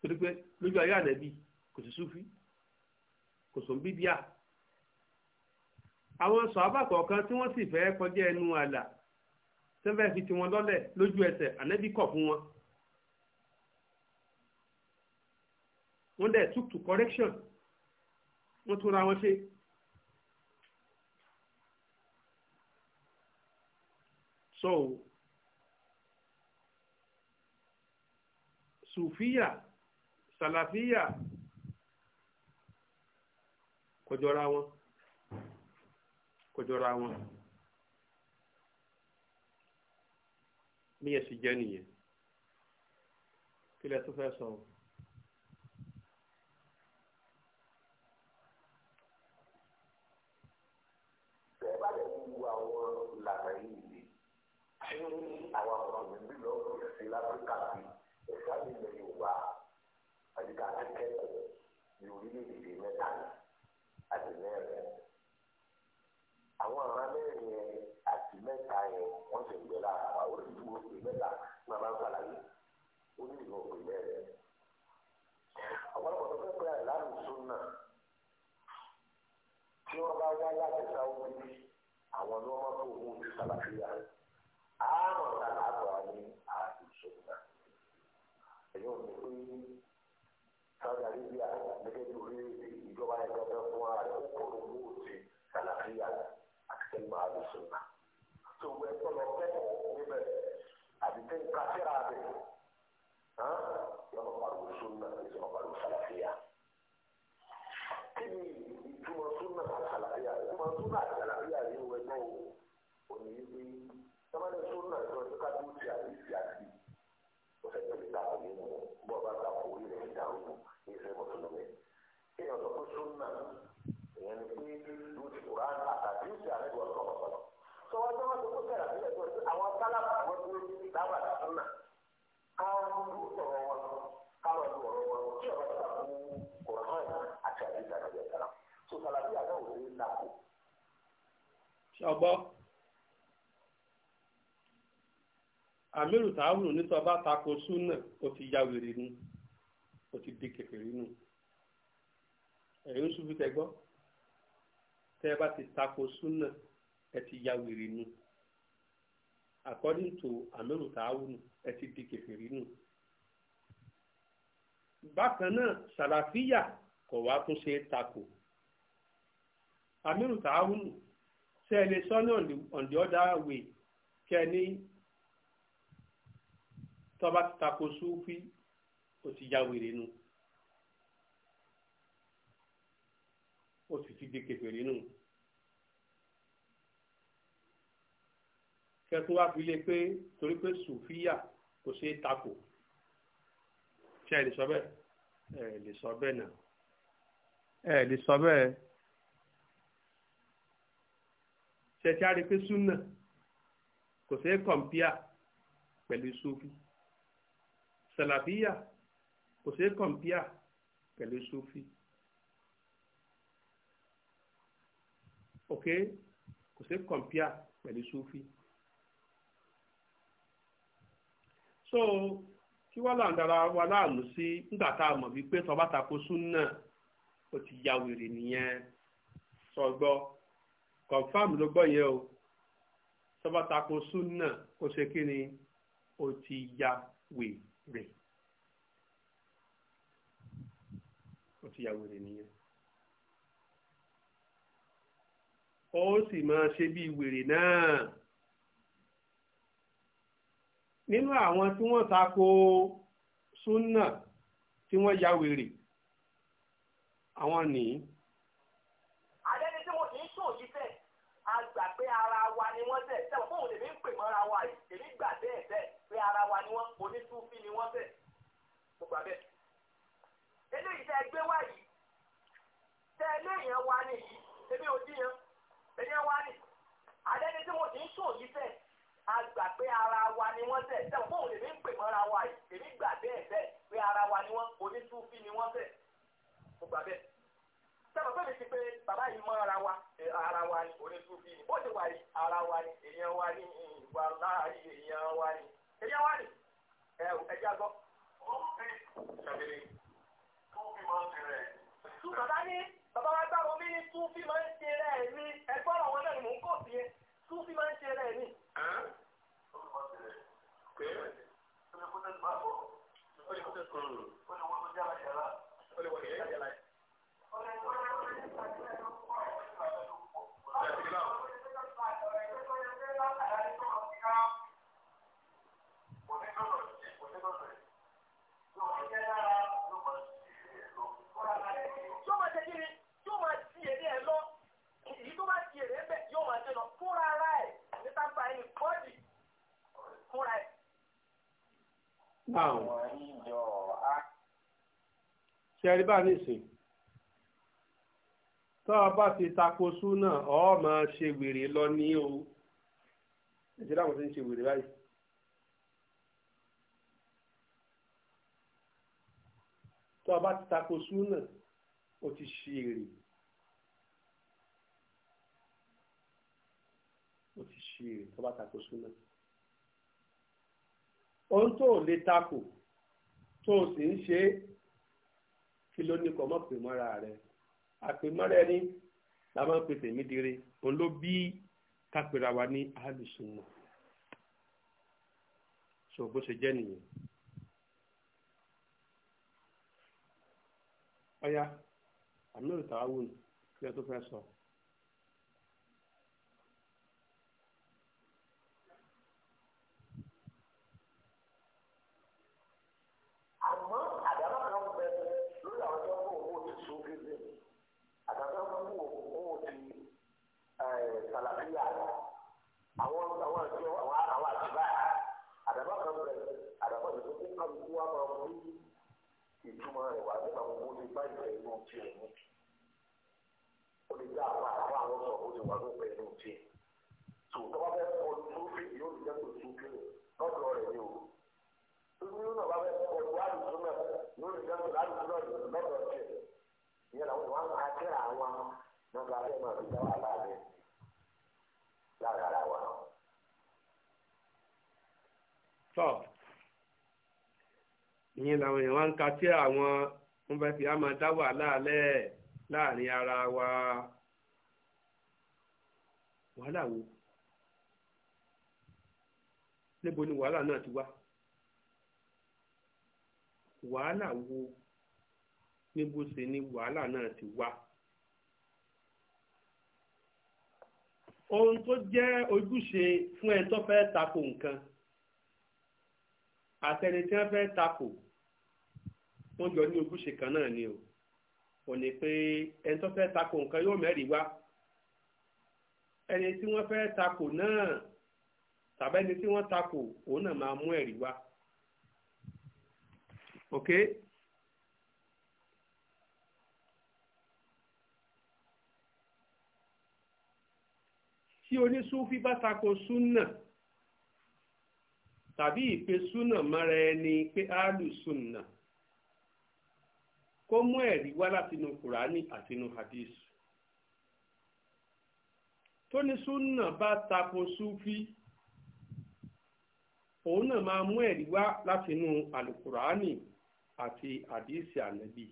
Speaker 3: torí pé lójú ayé ànábì kò sí súfí kò sọ bíbíà àwọn sọ̀hábà kọ̀ọ̀kan tí wọ́n sì fẹ́ kọjá ẹnu àlà sẹ́fẹ́ fi tiwọn lọ́lẹ̀ lójú ẹsẹ̀ ànábì kọ̀ fún wọn. wọ́n dẹ̀ took to correction wọ́n tún ra wọn ṣe so sufiya salafiya kọjọra wọn kọjọra wọn bí ẹ sì jẹ nìyẹn kí lẹ tó fẹ́ sọ. So.
Speaker 2: ṣé àwọn mùsùlùmí lọ́ọ́ fi sí láfíríkà sí ẹ̀ka nílẹ̀ yorùbá àdìgá akẹ́kọ̀ọ́ ní orílẹ̀-èdè mẹ́ta àti mẹ́rin àwọn ará mẹ́rin yẹn àti mẹ́ta yẹn wọ́n sì ń gbẹ lára wa ó sì dúró pé mẹ́ta máa máa ń ṣàlàyé ó ní ìlú òpè mẹ́rin ọ̀pọ̀lọpọ̀ tó fẹ́ pé àìláàlùsọ náà tí wọ́n bá wá láti sáwọ́ bí àwọn ni wọ́n máa tó owó ti sábà fi yára. èèyàn ní pé Saudi Arabia gẹ́gẹ́ bí orílẹ̀-èdè ìjọba ẹgbẹ́ fẹ́ fún ara rẹ̀ kó ló mú òsì sàlàfíà àti kẹ́gbà àlùsùnà. tó wẹ́ tọ́lọ kẹ́kọ̀ọ́ níbẹ̀ àti tẹ́ nǹkan síra rẹ̀ yọ̀ọ̀ pariwo sunna yọ̀ọ̀ pariwo sàlàfíà. kí ni ìtumọ̀ sunna àti sàlàfíà ìtumọ̀ sunna àti sàlàfíà yìí wẹ̀ náà ò ní í pé sábàdé sunna ìtọ́jú ká dúró ti àdéhìí àti sẹ́yìn lè dàpọ̀ nínú bọ́ bá dàpọ̀ orí rẹ̀ dàrú ìṣẹ́ mùsùlùmí. kí ni ọ̀dọ́ pé súnà ìyẹn ni pé ìlú ti kúrò àtàkì ìṣe àrẹ́gbọ̀n sọ̀rọ̀ sọ̀rọ̀ sọ wọ́n tó kó sẹ́yìn àbílẹ̀ tó àwọn sálábà wọn tó dáwà súnà ká ló sọ̀rọ̀ wọn ká lọ lu ọ̀rọ̀ wọn tí ọ̀rọ̀ ti dàpọ̀ kòrán àti àdìsá ìjọba
Speaker 3: amiru tààrù nítorí ọba tako súnà ó ti ya wèrè nu ó ti di kékeré nu ẹ̀yin ṣubú tẹ gbọ́ tẹ́ ẹ bá ti tako súnà ẹ ti ya wèrè nu according to amiru tààrù ẹ ti di kékeré nu bákan náà sàlàfíyà kò wá tún ṣe tako amiru tààrù ṣe é on the other way kẹ́ni tó bá ti tako súfì ó ti ya wèrè nù ó sì ti di kèfèrí nù. kẹtù wá fi lé pé torí pé sùfíà kò ṣe é tako ṣe ẹ lè sọ bẹ́ẹ̀ ẹ lè sọ bẹ́ẹ̀ náà ẹ lè sọ bẹ́ẹ̀ ṣe ti á rí pé súnà kò ṣe é kọ̀m̀píà pẹ̀lú sàlàfíà kò ṣeé kọ̀m̀píà pẹ̀lú sufi ok kò ṣeé kọ̀m̀píà pẹ̀lú sufi. so kí wọ́n là ń dara wa láàánú sí nígbà tá a mọ̀ wípé tọ́ba tako súnà ó ti ya wèrè nìyẹn sọgbọ́ kọ̀ǹfàmù ló gbọ́ yẹn o tọ́ba tako súnà ó ṣe kí ni ó ti ya wèrè rè ó ti yàwó rè nìyẹn ó sì máa ṣe bí wèrè náà nínú àwọn tí wọ́n tako súnà tí wọ́n ya wèrè àwọn nìyí.
Speaker 1: gbà bẹ́ẹ̀. eléyìí tẹ́ ẹ gbé wá yìí tẹ́ eléyìí wá ní yìí ebi ò díyan ẹ̀yẹ́ wá ní. àdẹ́ni tí mo ti ń sùn yìí tẹ̀ a pé ara wa ni wọ́n tẹ̀ tẹ̀ fóun lèmi ń pè mọ́ra wa yìí èmi gbà bẹ́ẹ̀ bẹ́ẹ̀ pé ara wa ni wọ́n onítúfí ni wọ́n tẹ̀ mo gbà bẹ́ẹ̀. sẹ́wọ̀n pé mi ti pé bàbá yìí mọ́ ara wa ara wa ni onítúfí ni bó ti wà yìí ara wa ni èèyàn wa ni ìwà láàyè èèyàn wa ni èèyàn wa ni ẹ̀ ẹ̀ jágbọ́. Bàbá ní bàbá wa gbá omi ní Súfì máa ń ṣe rẹ̀ ní ẹgbọ́n àwọn náà ni mò ń kọ̀ sí ẹ. Súfì máa ń ṣe rẹ̀ ní.
Speaker 2: Ẹ́ àwọn ìjọ á.
Speaker 3: ṣe rí bá nìsín tó o bá ti tako súnà ọ máa ṣe wèrè lọ ní o ẹ̀jẹ̀ láwọn ti ń ṣe wèrè báyìí. tó bá ti tako súnà o ti ṣe o ti ṣe èrè bá tako súnà ohun tó o lè takò tó o sì ń ṣe kí ló ní kọ́ mọ́ pè mọ́ra rẹ àpèmọ́ra ẹni la máa ń pè tèmi dire òun ló bí kápẹ́ra wa ní alùsùnmọ̀ so bó ṣe jẹ́ nìyẹn. ọ̀ya àmì òrìtàwá wù ní kí ẹ tó fẹ́ sọ. So.
Speaker 2: náà tí àwọn ará wà sí báyìí àdàbà kan bẹ àdàbà tó tó kí kálukú wa máa mú ìtumọ̀ rẹ̀ wá nígbà gbogbo ní báyìí pẹ̀lú inú tí ẹ̀ mú ó lè dá àwọn àbá àwọn sọ ó lè wà ló pẹ̀lú inú tí ẹ̀ tó tọ́ba fẹ́ kọ lófin yóò lè jẹ́ kó tún kí lọ́dọ̀ rẹ̀ ni o tóbi nínú náà bá fẹ́ kọ lu àdùsùn náà yóò lè jẹ́ kó ládùsùn náà lọ́dọ̀ tiẹ̀ ìyẹn làwọn ìwà ń ka kí àwọn nọ́ńgà fẹ́ máa fi dá wà láàrin láàrin náà
Speaker 3: tọ́ ìyẹn làwọn èèyàn wá ń ka tí àwọn wọn fẹ́ fi á máa dá wàhálà lẹ̀ láàrin ara wa wàhálà wo níbo ni wàhálà náà ti wá wàhálà wo níbo ṣe ni wàhálà náà ti wá. ohun tó jẹ́ ojúṣe fún ẹni tó fẹ́ tako nǹkan àtẹni tí wọ́n fẹ́ takò wọ́n jọ ní ojúṣe kan náà ni o ò ní pé ẹni tó fẹ́ takò nǹkan yóò mẹ́rìí wá ẹni tí wọ́n fẹ́ takò náà tàbẹ́ni tí wọ́n takò òun náà máa mú ẹ̀rí wá ok tí onísúfí bá tako súnà tàbí ìpe súnà mọ́ra ẹni pé áàlù súnà kó mú ẹ̀rí wá látinú kùránì àtinú hadith tó ní súnà bá tako súfí òun náà máa mú ẹ̀rí wá látinú alukùránì àti hadith ànábì.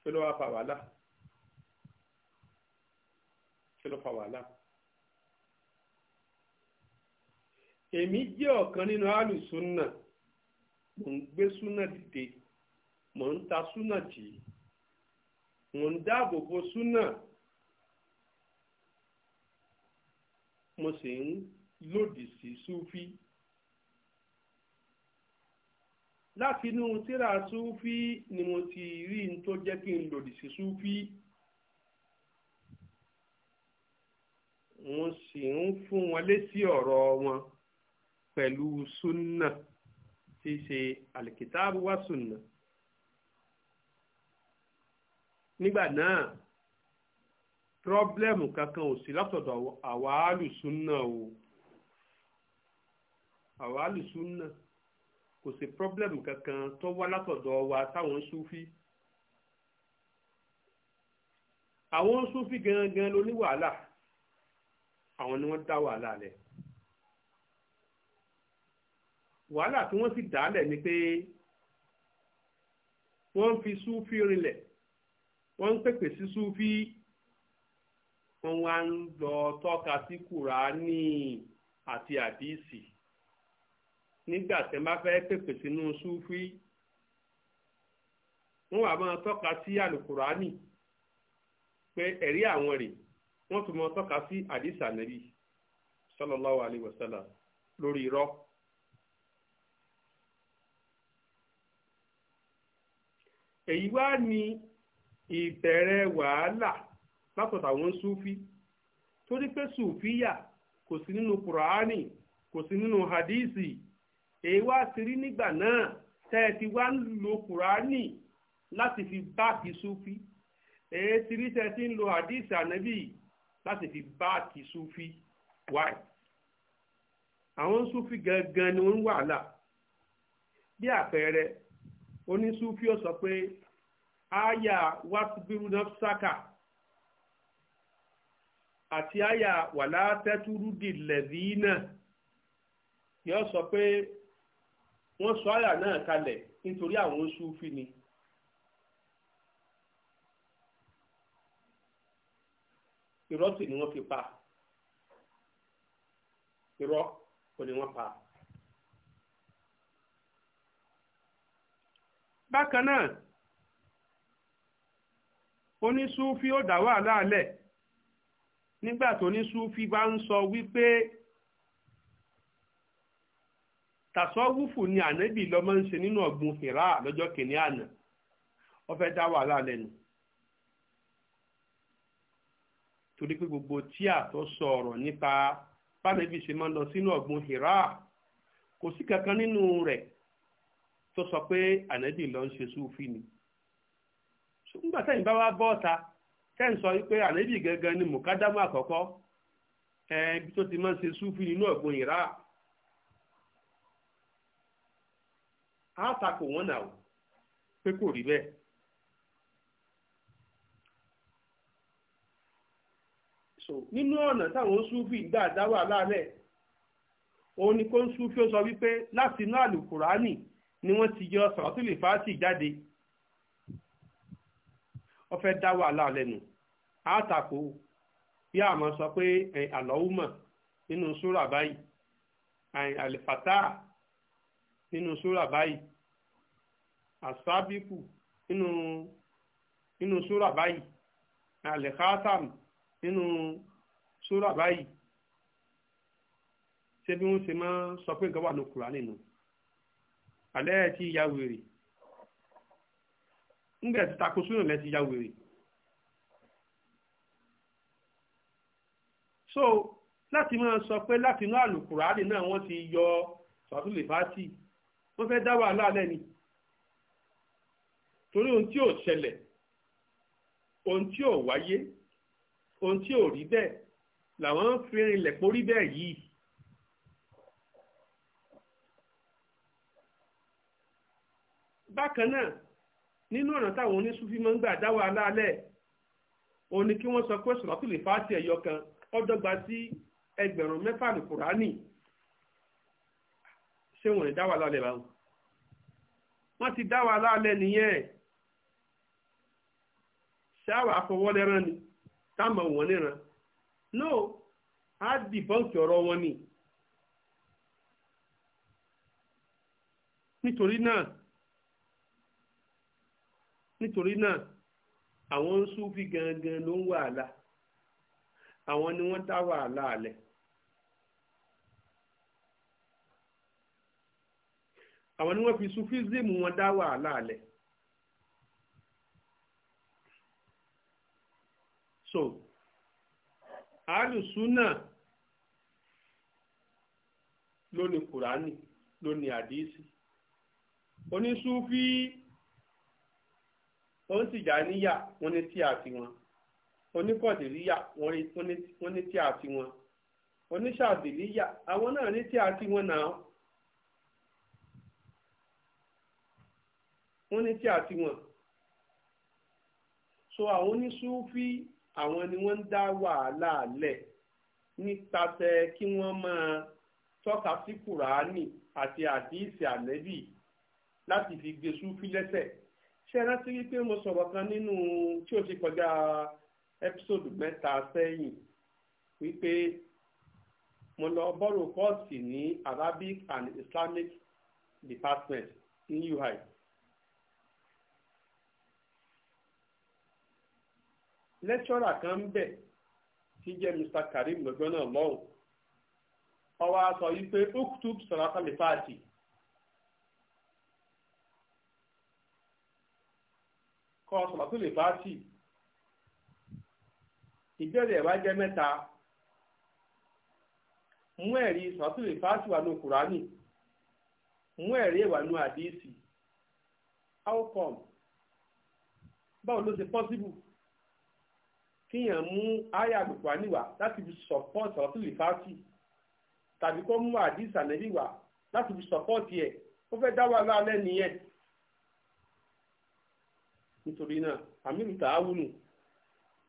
Speaker 3: kí ló wá fa wàhálà kí ló fa wàhálà. èmi jẹ́ ọ̀kan nínú alùsùnà mò ń gbé súnà dìde mò ń ta súnà jì mò ń dáàbò bo súnà mo sì ń lòdì sí súfí. láti inú tíra súfí ni mo ti rí n tó jẹ́ kí n lòdì sí súfí. Si mo sì ń fún wọn lésì ọ̀rọ̀ wọn pẹ̀lú súnà tí í ṣe àlìkìtàbù wá súnà. nígbà náà pírọ́blẹ́mù kankan ò sí látọ̀dọ̀ àwa alùsúnà o àwa alùsúnà kò sí pírọ́blẹ́mù kankan tó wá látọ̀dọ̀ wa táwọn súfí àwọn súfí gangan ló ní wàhálà àwọn ni wọ́n dá wàhálà lẹ̀ wàhálà tí wọ́n sì dálẹ̀ ni pé wọ́n ń fi súfì rinlẹ̀ wọ́n ń pèpè sí súfì wọ́n wá ń lọ tọ́ka sí kùránì àti àdìsí nígbà tẹ́ bá fẹ́ pèpè sínú súfì wọ́n wá máa tọ́ka sí àlùkùránì pé ẹ̀rí àwọn rèé wọ́n tún mọ tọ́ka sí àdìsá nàbí sallallahu alayhi wa sallam lórí irọ́. èyí wá ní ìbẹ̀rẹ̀ wàhálà látọ̀tà wọn súfí torí pé sùfíyà kò sí nínú kùránì kò sí nínú hadísì èyí wá ti rí nígbà náà tẹ́ ẹ ti wá ń lo kùránì láti fi báàkì súfí èyí ti rí tẹ́ ẹ ti ń lo hadísì ànábì láti fi báàkì súfì wáì àwọn súfì gangan ni wọ́n ń wàhálà bí àpẹẹrẹ onísúfì ó sọ pé àyà wàtúbírú náà sáka àti àyà wàlá tẹ́túrúdì lẹ̀dí náà yóò sọ pé wọ́n sọ àyà náà kalẹ̀ nítorí àwọn súfì ni. irọ́ sì ni wọ́n fi pa irọ́ kò ní wọ́n pa. bákan náà onísúfí ó dá wàhálà lẹ̀ nígbà tó onísúfí bá ń sọ wípé tàsọ́wúfù ni ànábì lọ́mọ ń ṣe nínú ọ̀gbun hìrá lọ́jọ́ kìnìún àná ó fẹ́ dá wàhálà lẹ́nu. torí pé gbogbo tíà tó sọ nípa bánẹ́bí ṣe máa ń lọ sínú ọ̀gbun hira kò sí kankan nínú rẹ̀ tó sọ pé ànẹ́bí lọ ń ṣe súfì ni nígbà tẹ́yìn bá wá bọ́ tẹ́yìn sọ gangan ni mùkádámù àkọ́kọ́ tó ti máa ń ṣe hira pé kò rí bẹ́ẹ̀. so nínú ọ̀nà táwọn súfì gbà dá wà lálẹ́ òun ni kó ń súfì ó sọ wípé láti inú àlùkùránì ni wọ́n ti yọ sọ̀rọ̀tìlì fàátì jáde wọ́n fẹ́ dá wà lálẹ́ nù àtàkù bí àmọ́ sọ pé àlọ́wùmọ̀ nínú súrà báyìí àlìfàtà nínú súrà báyìí àsábíkù nínú súrà báyìí àlìkátàmù nínú sóra báyìí ṣé bí wọ́n ṣe máa sọ pé nǹkan wà ní kùrà nínú alẹ́ ẹ̀ ti ya wèrè ńgbẹ̀ ti takò sóyè lẹ́ ti ya wèrè. so láti máa sọ pé láti inú àlùkùránì náà wọ́n ti yọ sàtúlè fàátì wọ́n fẹ́ dá wàhálà alẹ́ ni torí ohun tí ò ṣẹlẹ̀ ohun tí ò wáyé ohun tí ò rí bẹ́ẹ̀ làwọn ń fi rinlẹ̀ porí bẹ́ẹ̀ yìí. bákan náà nínú ọ̀nà táwọn oníṣúfí máa ń gbà dá wàhálà alẹ́ òun ni kí wọ́n sọ pé sọ̀rọ̀tù lè fàá ti ẹ̀yọ kan ọ̀dọ́gba sí ẹgbẹ̀rún mẹ́fà ní kùránì ṣé wọ́n lè dá wàhálà alẹ́ báwọn. wọ́n ti dá wàhálà nìyẹn ṣáà wà ni. ká mọ̀ wọ́n níran no á dìbọ́ǹkì ọ̀rọ̀ wọn ni. nítorí náà nítorí náà àwọn Súfì gangan ló ń awọn àwọn ni wọ́n dá wàhálà alẹ́. àwọn ni wọn fi Sufism wọn dá wàhálà alẹ́. so alùsùnà ló kùránì ló àdísì onísúfí ó sì já níyà wọ́n ní tí a ti wọn oníkọ̀dìríyà wọ́n ní tí a ti wọn oníṣàdìríyà àwọn náà ní tí a ti wọn náà ní tí a ti wọn so àwọn onísúfí. àwọn ni wọ́n ń dá wàhálà lẹ̀ nípasẹ̀ kí wọ́n máa tọ́ka sí kùránì àti àdíìsì ànẹ́bì láti fi gbé súfí lẹ́sẹ̀ ṣe rántí wípé mo sọ̀rọ̀ kan nínú tí ó ti kọjá ẹ́písòdù mẹ́ta sẹ́yìn wípé mo lọ bọ́rọ̀ kọ́ọ̀sì ní Arabic and Islamic Department ní UI lẹ́kṣọ́rà kan ń bẹ̀ Mr. Karim náà lọ́hùn ọwọ́ yìí pé lè fàájì kọ́ lè fàájì ẹ̀ wá jẹ́ mẹ́ta mú ẹ̀rí lè fàájì wà ní Kùránì mú ẹ̀rí wà kíyàn mú àyà àgbègbè níwà láti fi support ọ̀tún ìfásí tàbí kó mú àdìsà nẹ́bí wà láti fi support ẹ̀ ó fẹ́ dá wàhálà lẹ́nu yẹn nítorí náà àmìlù tààwùnù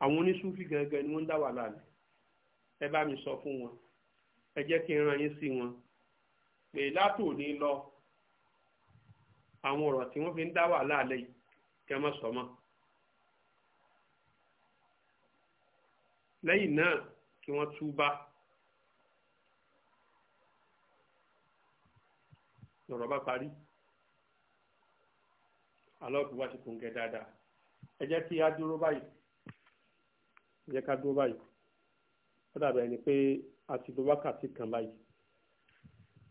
Speaker 3: àwọn oníṣúfì ni wọ́n ń mi sọ fún wọn ẹ jẹ́ kí n ran yín sí wọn pé látòní lọ àwọn ọ̀rọ̀ tí wọ́n fi ń dá lẹ́yìn náà kí wọ́n túbá. lọ́rọ̀ bá parí alọ́ọ̀kú wá sí kòńgẹ́ dáadáa ẹ jẹ́ kí a dúró báyìí ẹ jẹ́ ká dúró báyìí ó dàbí ẹni pé a ti lo wákàtí kan báyìí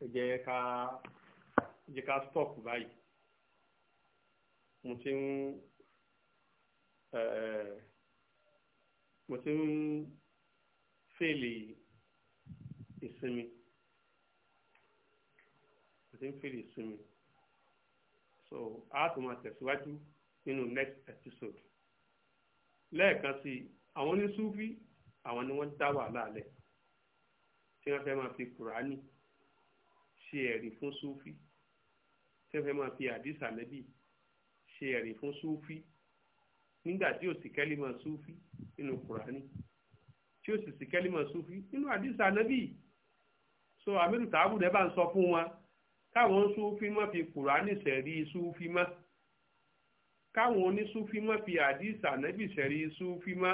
Speaker 3: ẹ jẹ́ ká ẹ jẹ́ ká stop báyìí mo ti ń ẹ̀ẹ́ mo ti ń fèlè ìsinmi mo ti ń fèlè ìsinmi so a tún máa tẹ̀síwájú nínú next episode lẹ́ẹ̀kan sí àwọn oníṣúfí àwọn ni wọ́n dá wàhálà lẹ̀ tí wọ́n fẹ́ máa fi kùránì ṣe ẹ̀rí fún súfí tí wọ́n fẹ́ máa fi àdìsá nẹ́bì ṣe ẹ̀rí fún súfí nígbà tí ò sì kẹ́límọ̀ súfí nínú kùránì tí ò sì sì kẹ́límọ̀ súfí nínú àdìsá nábì so amílù tààbù dẹ́ bá ń sọ fún wọn káwọn súfí mọ́ fi kùránì sẹ̀rí súfí mọ́ káwọn onísúfí mọ́ fi àdìsá nábì sẹ̀rí súfí mọ́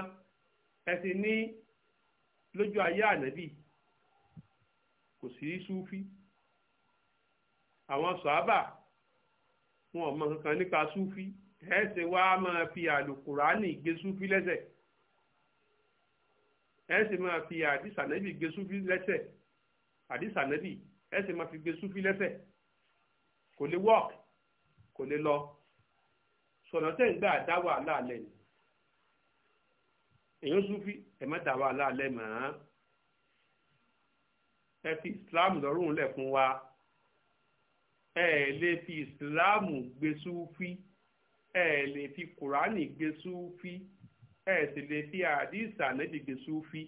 Speaker 3: ẹ ti ní lójú ayé ànábì kò sí súfí àwọn sọ́ábà wọn ò mọ kankan nípa súfí ẹ̀ẹ́sẹ̀ wa máa fi àlùkùránì gbé súfí lẹ́sẹ̀ ẹ̀ẹ́sẹ̀ máa fi àdìsànẹ́bì gbé súfí lẹ́sẹ̀ àdìsànẹ́bì ẹ̀ẹ́sẹ̀ máa fi gbé súfí lẹ́sẹ̀ kò lè wọ́ọ̀k kò lè lọ sọ̀nà tẹ̀ ń gbà dá wàhálà alẹ́ ni èyàn súfí ẹ̀ má dá wàhálà alẹ́ mọ́ ẹ fi Islam lọ́rùn lẹ̀ fún wa ẹ lè fi Islam gbé súfí ẹ lè fi kùránì gbé súfí ẹ sì lè fi àdìsá nẹ́bí gbé súfí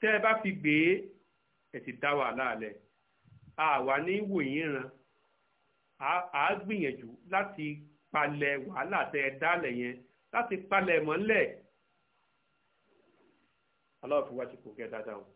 Speaker 3: tẹ́ ẹ bá fi gbé ẹ ti dá wàhálà lẹ̀ àwa ní wòyìn ran àá gbìyànjú láti palẹ̀ wàhálà tẹ́ ẹ dálẹ̀ yẹn láti palẹ̀ mọ́lẹ̀ aláwọ̀ fi wá ti kò kẹ́ dáadáa o.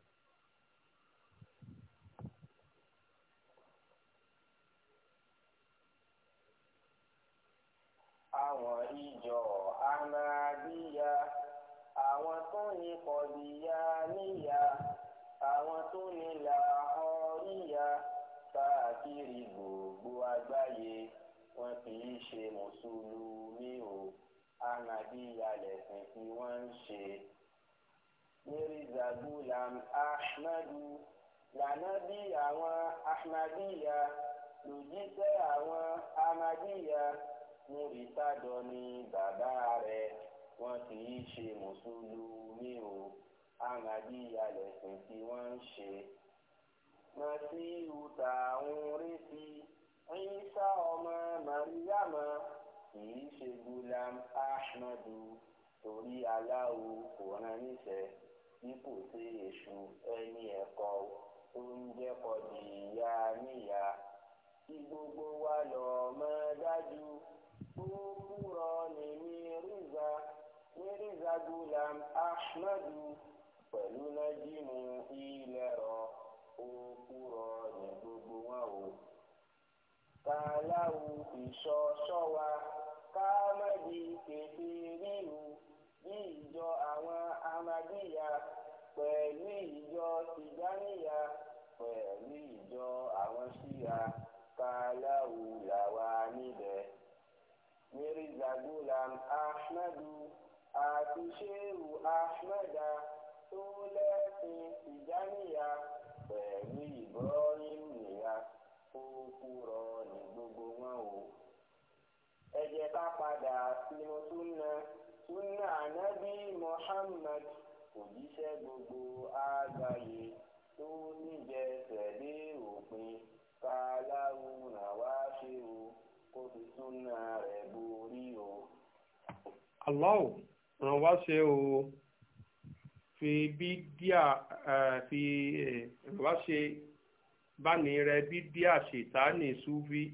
Speaker 4: gbáyé wọn fi í ṣe mùsùlùmí o ahmadiyya lẹ̀sìn tí wọ́n ń ṣe. mirza gulam ahmadu lànàbí àwọn awọn lòjíṣẹ́ àwọn ahmadiyya ni bàbá rẹ̀ wọn fi í ṣe mùsùlùmí o ahmadiyya lẹ̀sìn tí wọ́n ń ṣe. masihu tá Ìsá ọmọ Màríyàmá kìí ṣe Gulam Ahmadu torí aláwo kò rán níṣẹ́ bí kò sí èṣù ẹni ẹ̀kọ́ tó ń jẹ́kọ̀ di ìyá níyà kí gbogbo wa lọ mọ dájú tó kúrọ ní Mírízà Mírízà Gulam Ahmadu pẹ̀lú nájímù ilẹ̀ rọ ó kúrọ ní gbogbo wọn o kàláwù ìṣọ ṣọwa káàmẹ́dì pèsè ríru bí ìjọ àwọn amadíyà pẹ̀lú ìjọ tìjáníyà pẹ̀lú ìjọ àwọn ṣíyà kàláwù làwà níbẹ̀. mirza zagulam ahmadu àti shehu ahmeda tó lẹ́sìn tìjáníyà pẹ̀lú ìbọ́rin nìyà ó kúrọ̀ ká padà sínú súnà súnà ànábì Muhammad òjíṣẹ́ gbogbo àgbáyé tó níjẹsẹ̀ dé òpin káláwù làwa ṣe o kó fi súnà rẹ̀
Speaker 2: borí o.
Speaker 3: Allah ràn wá ṣe o fi bídíà fi ràn wá ṣe báni rẹ bídíà ṣètánì súfì.